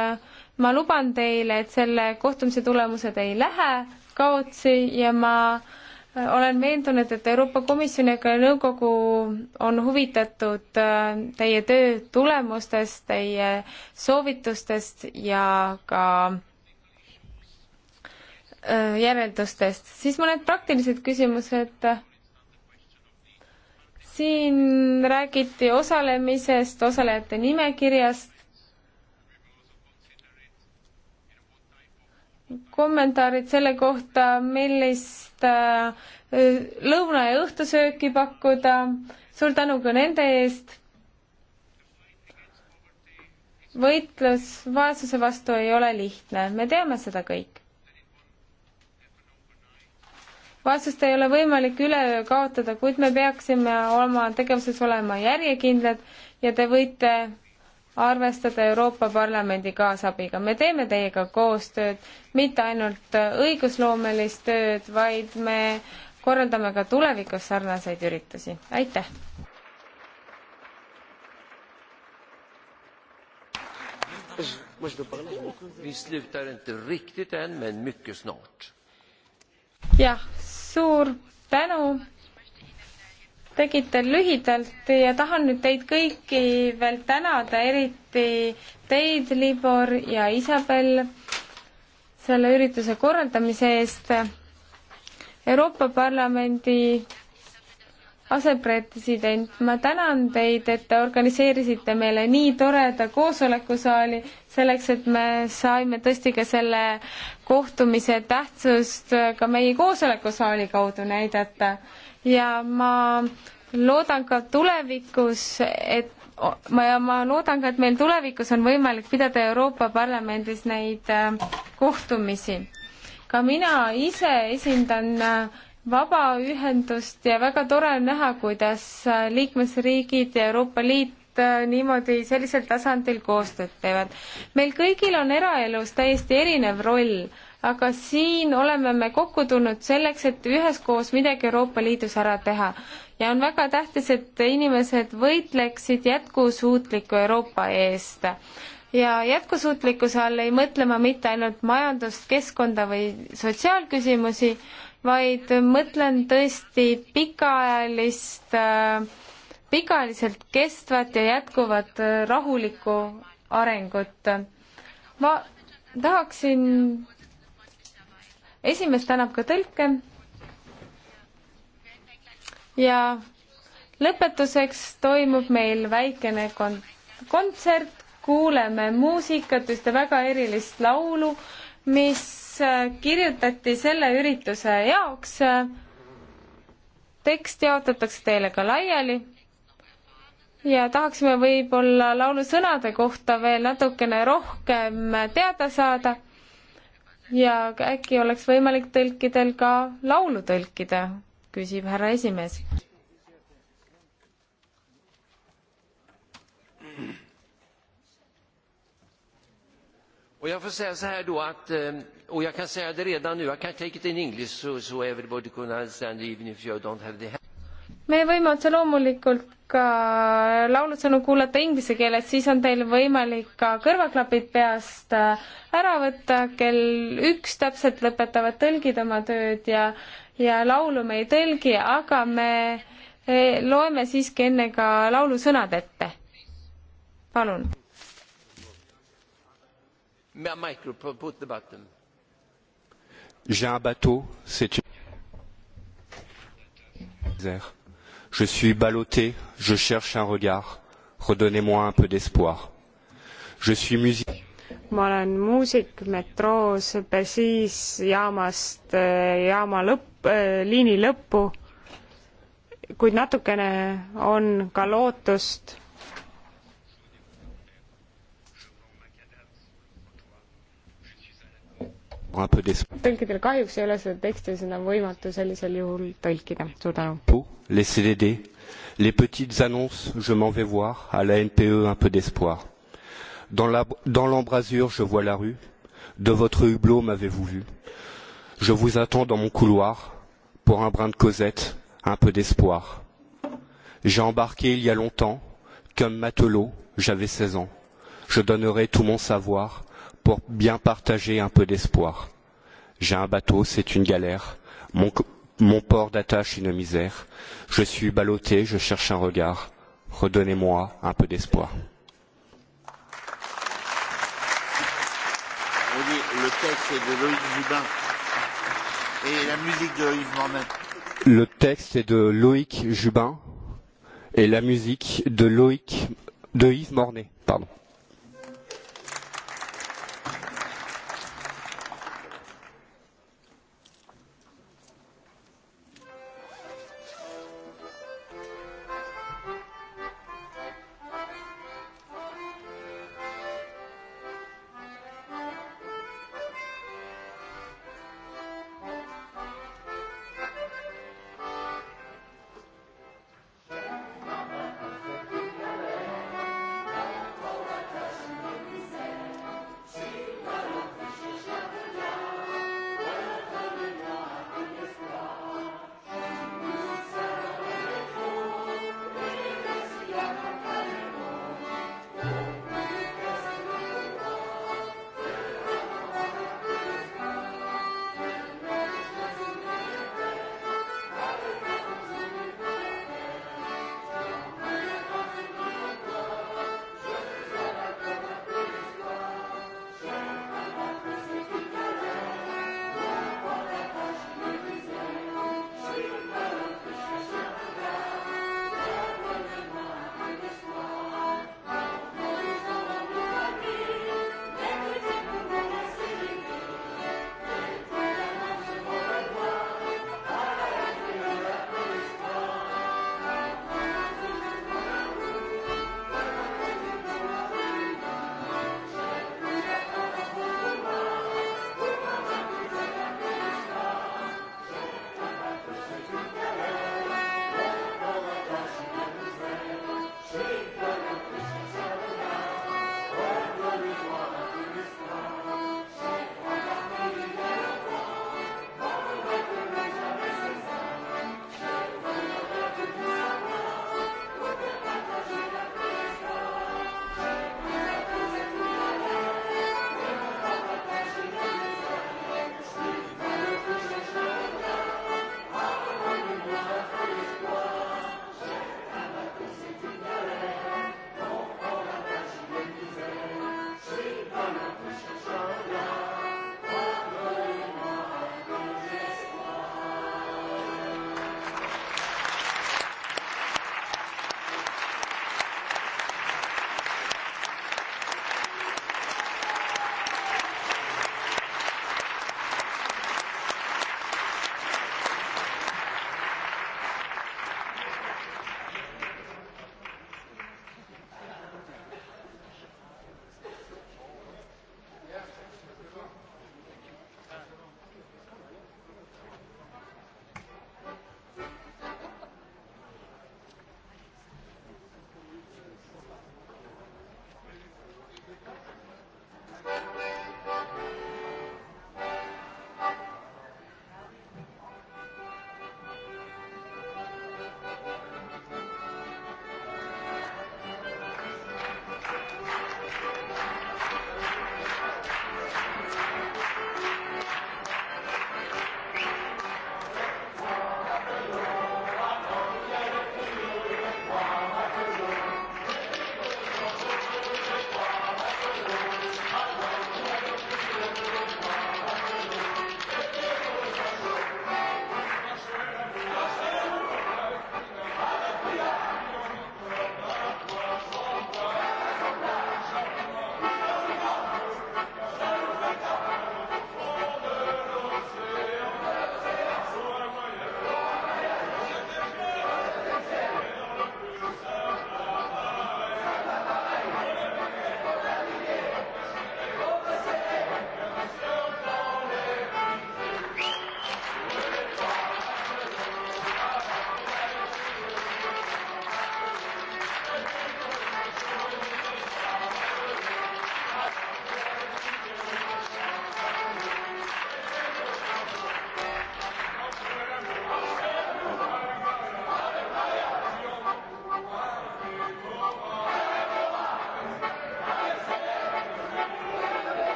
ma luban teile, et selle kohtumise tulemused ei lähe kaotsi ja ma olen veendunud, et Euroopa Komisjon ja ka nõukogu on huvitatud äh, teie töö tulemustest, teie soovitustest ja ka Äh, järeldustest, siis mõned praktilised küsimused. siin räägiti osalemisest, osalejate nimekirjast. kommentaarid selle kohta, millist äh, lõuna- ja õhtusööki pakkuda. suur tänu ka nende eest võitlus vaesuse vastu ei ole lihtne, me teame seda kõik vaesust ei ole võimalik üleöö kaotada, kuid me peaksime oma tegevuses olema järjekindlad ja te võite arvestada Euroopa Parlamendi kaasabiga. me teeme teiega koostööd, mitte ainult õigusloomelist tööd, vaid me korraldame ka tulevikus sarnaseid üritusi. aitäh! jah, suur tänu, tegite lühidalt ja tahan nüüd teid kõiki veel tänada, eriti teid, Libor ja Isabel, selle ürituse korraldamise eest. Euroopa Parlamendi asepresident, ma tänan teid, et te organiseerisite meile nii toreda koosolekusaali, selleks et me saime tõesti ka selle kohtumise tähtsust ka meie koosolekusaali kaudu näidata. ja ma loodan ka tulevikus, et ma ja ma loodan ka, et meil tulevikus on võimalik pidada Euroopa Parlamendis neid äh, kohtumisi. ka mina ise esindan äh, vabaühendust ja väga tore on näha, kuidas liikmesriigid ja Euroopa Liit äh, niimoodi sellisel tasandil koostööd teevad. meil kõigil on eraelus täiesti erinev roll, aga siin oleme me kokku tulnud selleks, et üheskoos midagi Euroopa Liidus ära teha. ja on väga tähtis, et inimesed võitleksid jätkusuutliku Euroopa eest ja jätkusuutlikkuse all ei mõtle ma mitte ainult majandust, keskkonda või sotsiaalküsimusi, vaid mõtlen tõesti pikaajalist, pikaajaliselt kestvat ja jätkuvat rahulikku arengut. ma tahaksin, esimees tänab ka tõlke ja lõpetuseks toimub meil väikene kon-, kontsert, kuuleme muusikat, ühte väga erilist laulu, mis Äh, kirjutati selle ürituse jaoks. Äh, tekst jaotatakse teile ka laiali. ja tahaksime võib-olla laulu sõnade kohta veel natukene rohkem teada saada. ja äkki oleks võimalik tõlkidel ka laulu tõlkida, küsib härra esimees. Och jag får säga så här då att eh, och jag kan säga det redan nu, I can take it in english so, so everybody can understand even if you don't have the me võime otse loomulikult ka laulusõnu kuulata inglise keeles, siis on teil võimalik ka kõrvaklapid peast äh, ära võtta, kell üks täpselt lõpetavad tõlgid oma tööd ja, ja laulu me ei tõlgi, aga me eh, loeme siiski enne ka laulusõnad ette. palun. Micro, put the button J'ai un bateau, c'est une. Je suis ballotté, je cherche un regard. Redonnez-moi un peu d'espoir. Je suis musicien ma olen muusik metroos Persiis jaamast äh, jaama lõpp, äh, liini lõppu, kuid natukene on ka lootust tõlkidel kahjuks ei ole seda teksti, seda on võimatu sellisel juhul tõlkida. suur tänu. Les CDD, les petites annonces, je m'en vais voir, à la NPE un peu d'espoir. Dans la, dans l'embrasure, je vois la rue. De votre hublot m'avez-vous vu? Je vous attends dans mon couloir, pour un brin de Cosette, un peu d'espoir. J'ai embarqué il y a longtemps, comme matelot, j'avais 16 ans. Je donnerai tout mon savoir pour bien partager un peu d'espoir. J'ai un bateau, c'est une galère. Mon, mon port d'attache, une misère. Je suis ballotté, je cherche un regard. Redonnez-moi un peu d'espoir. Le texte est de Loïc Jubin et la musique de Yves Mormet. Le texte est de Loïc Jubin et la musique de Loïc de Yves Mornay, pardon.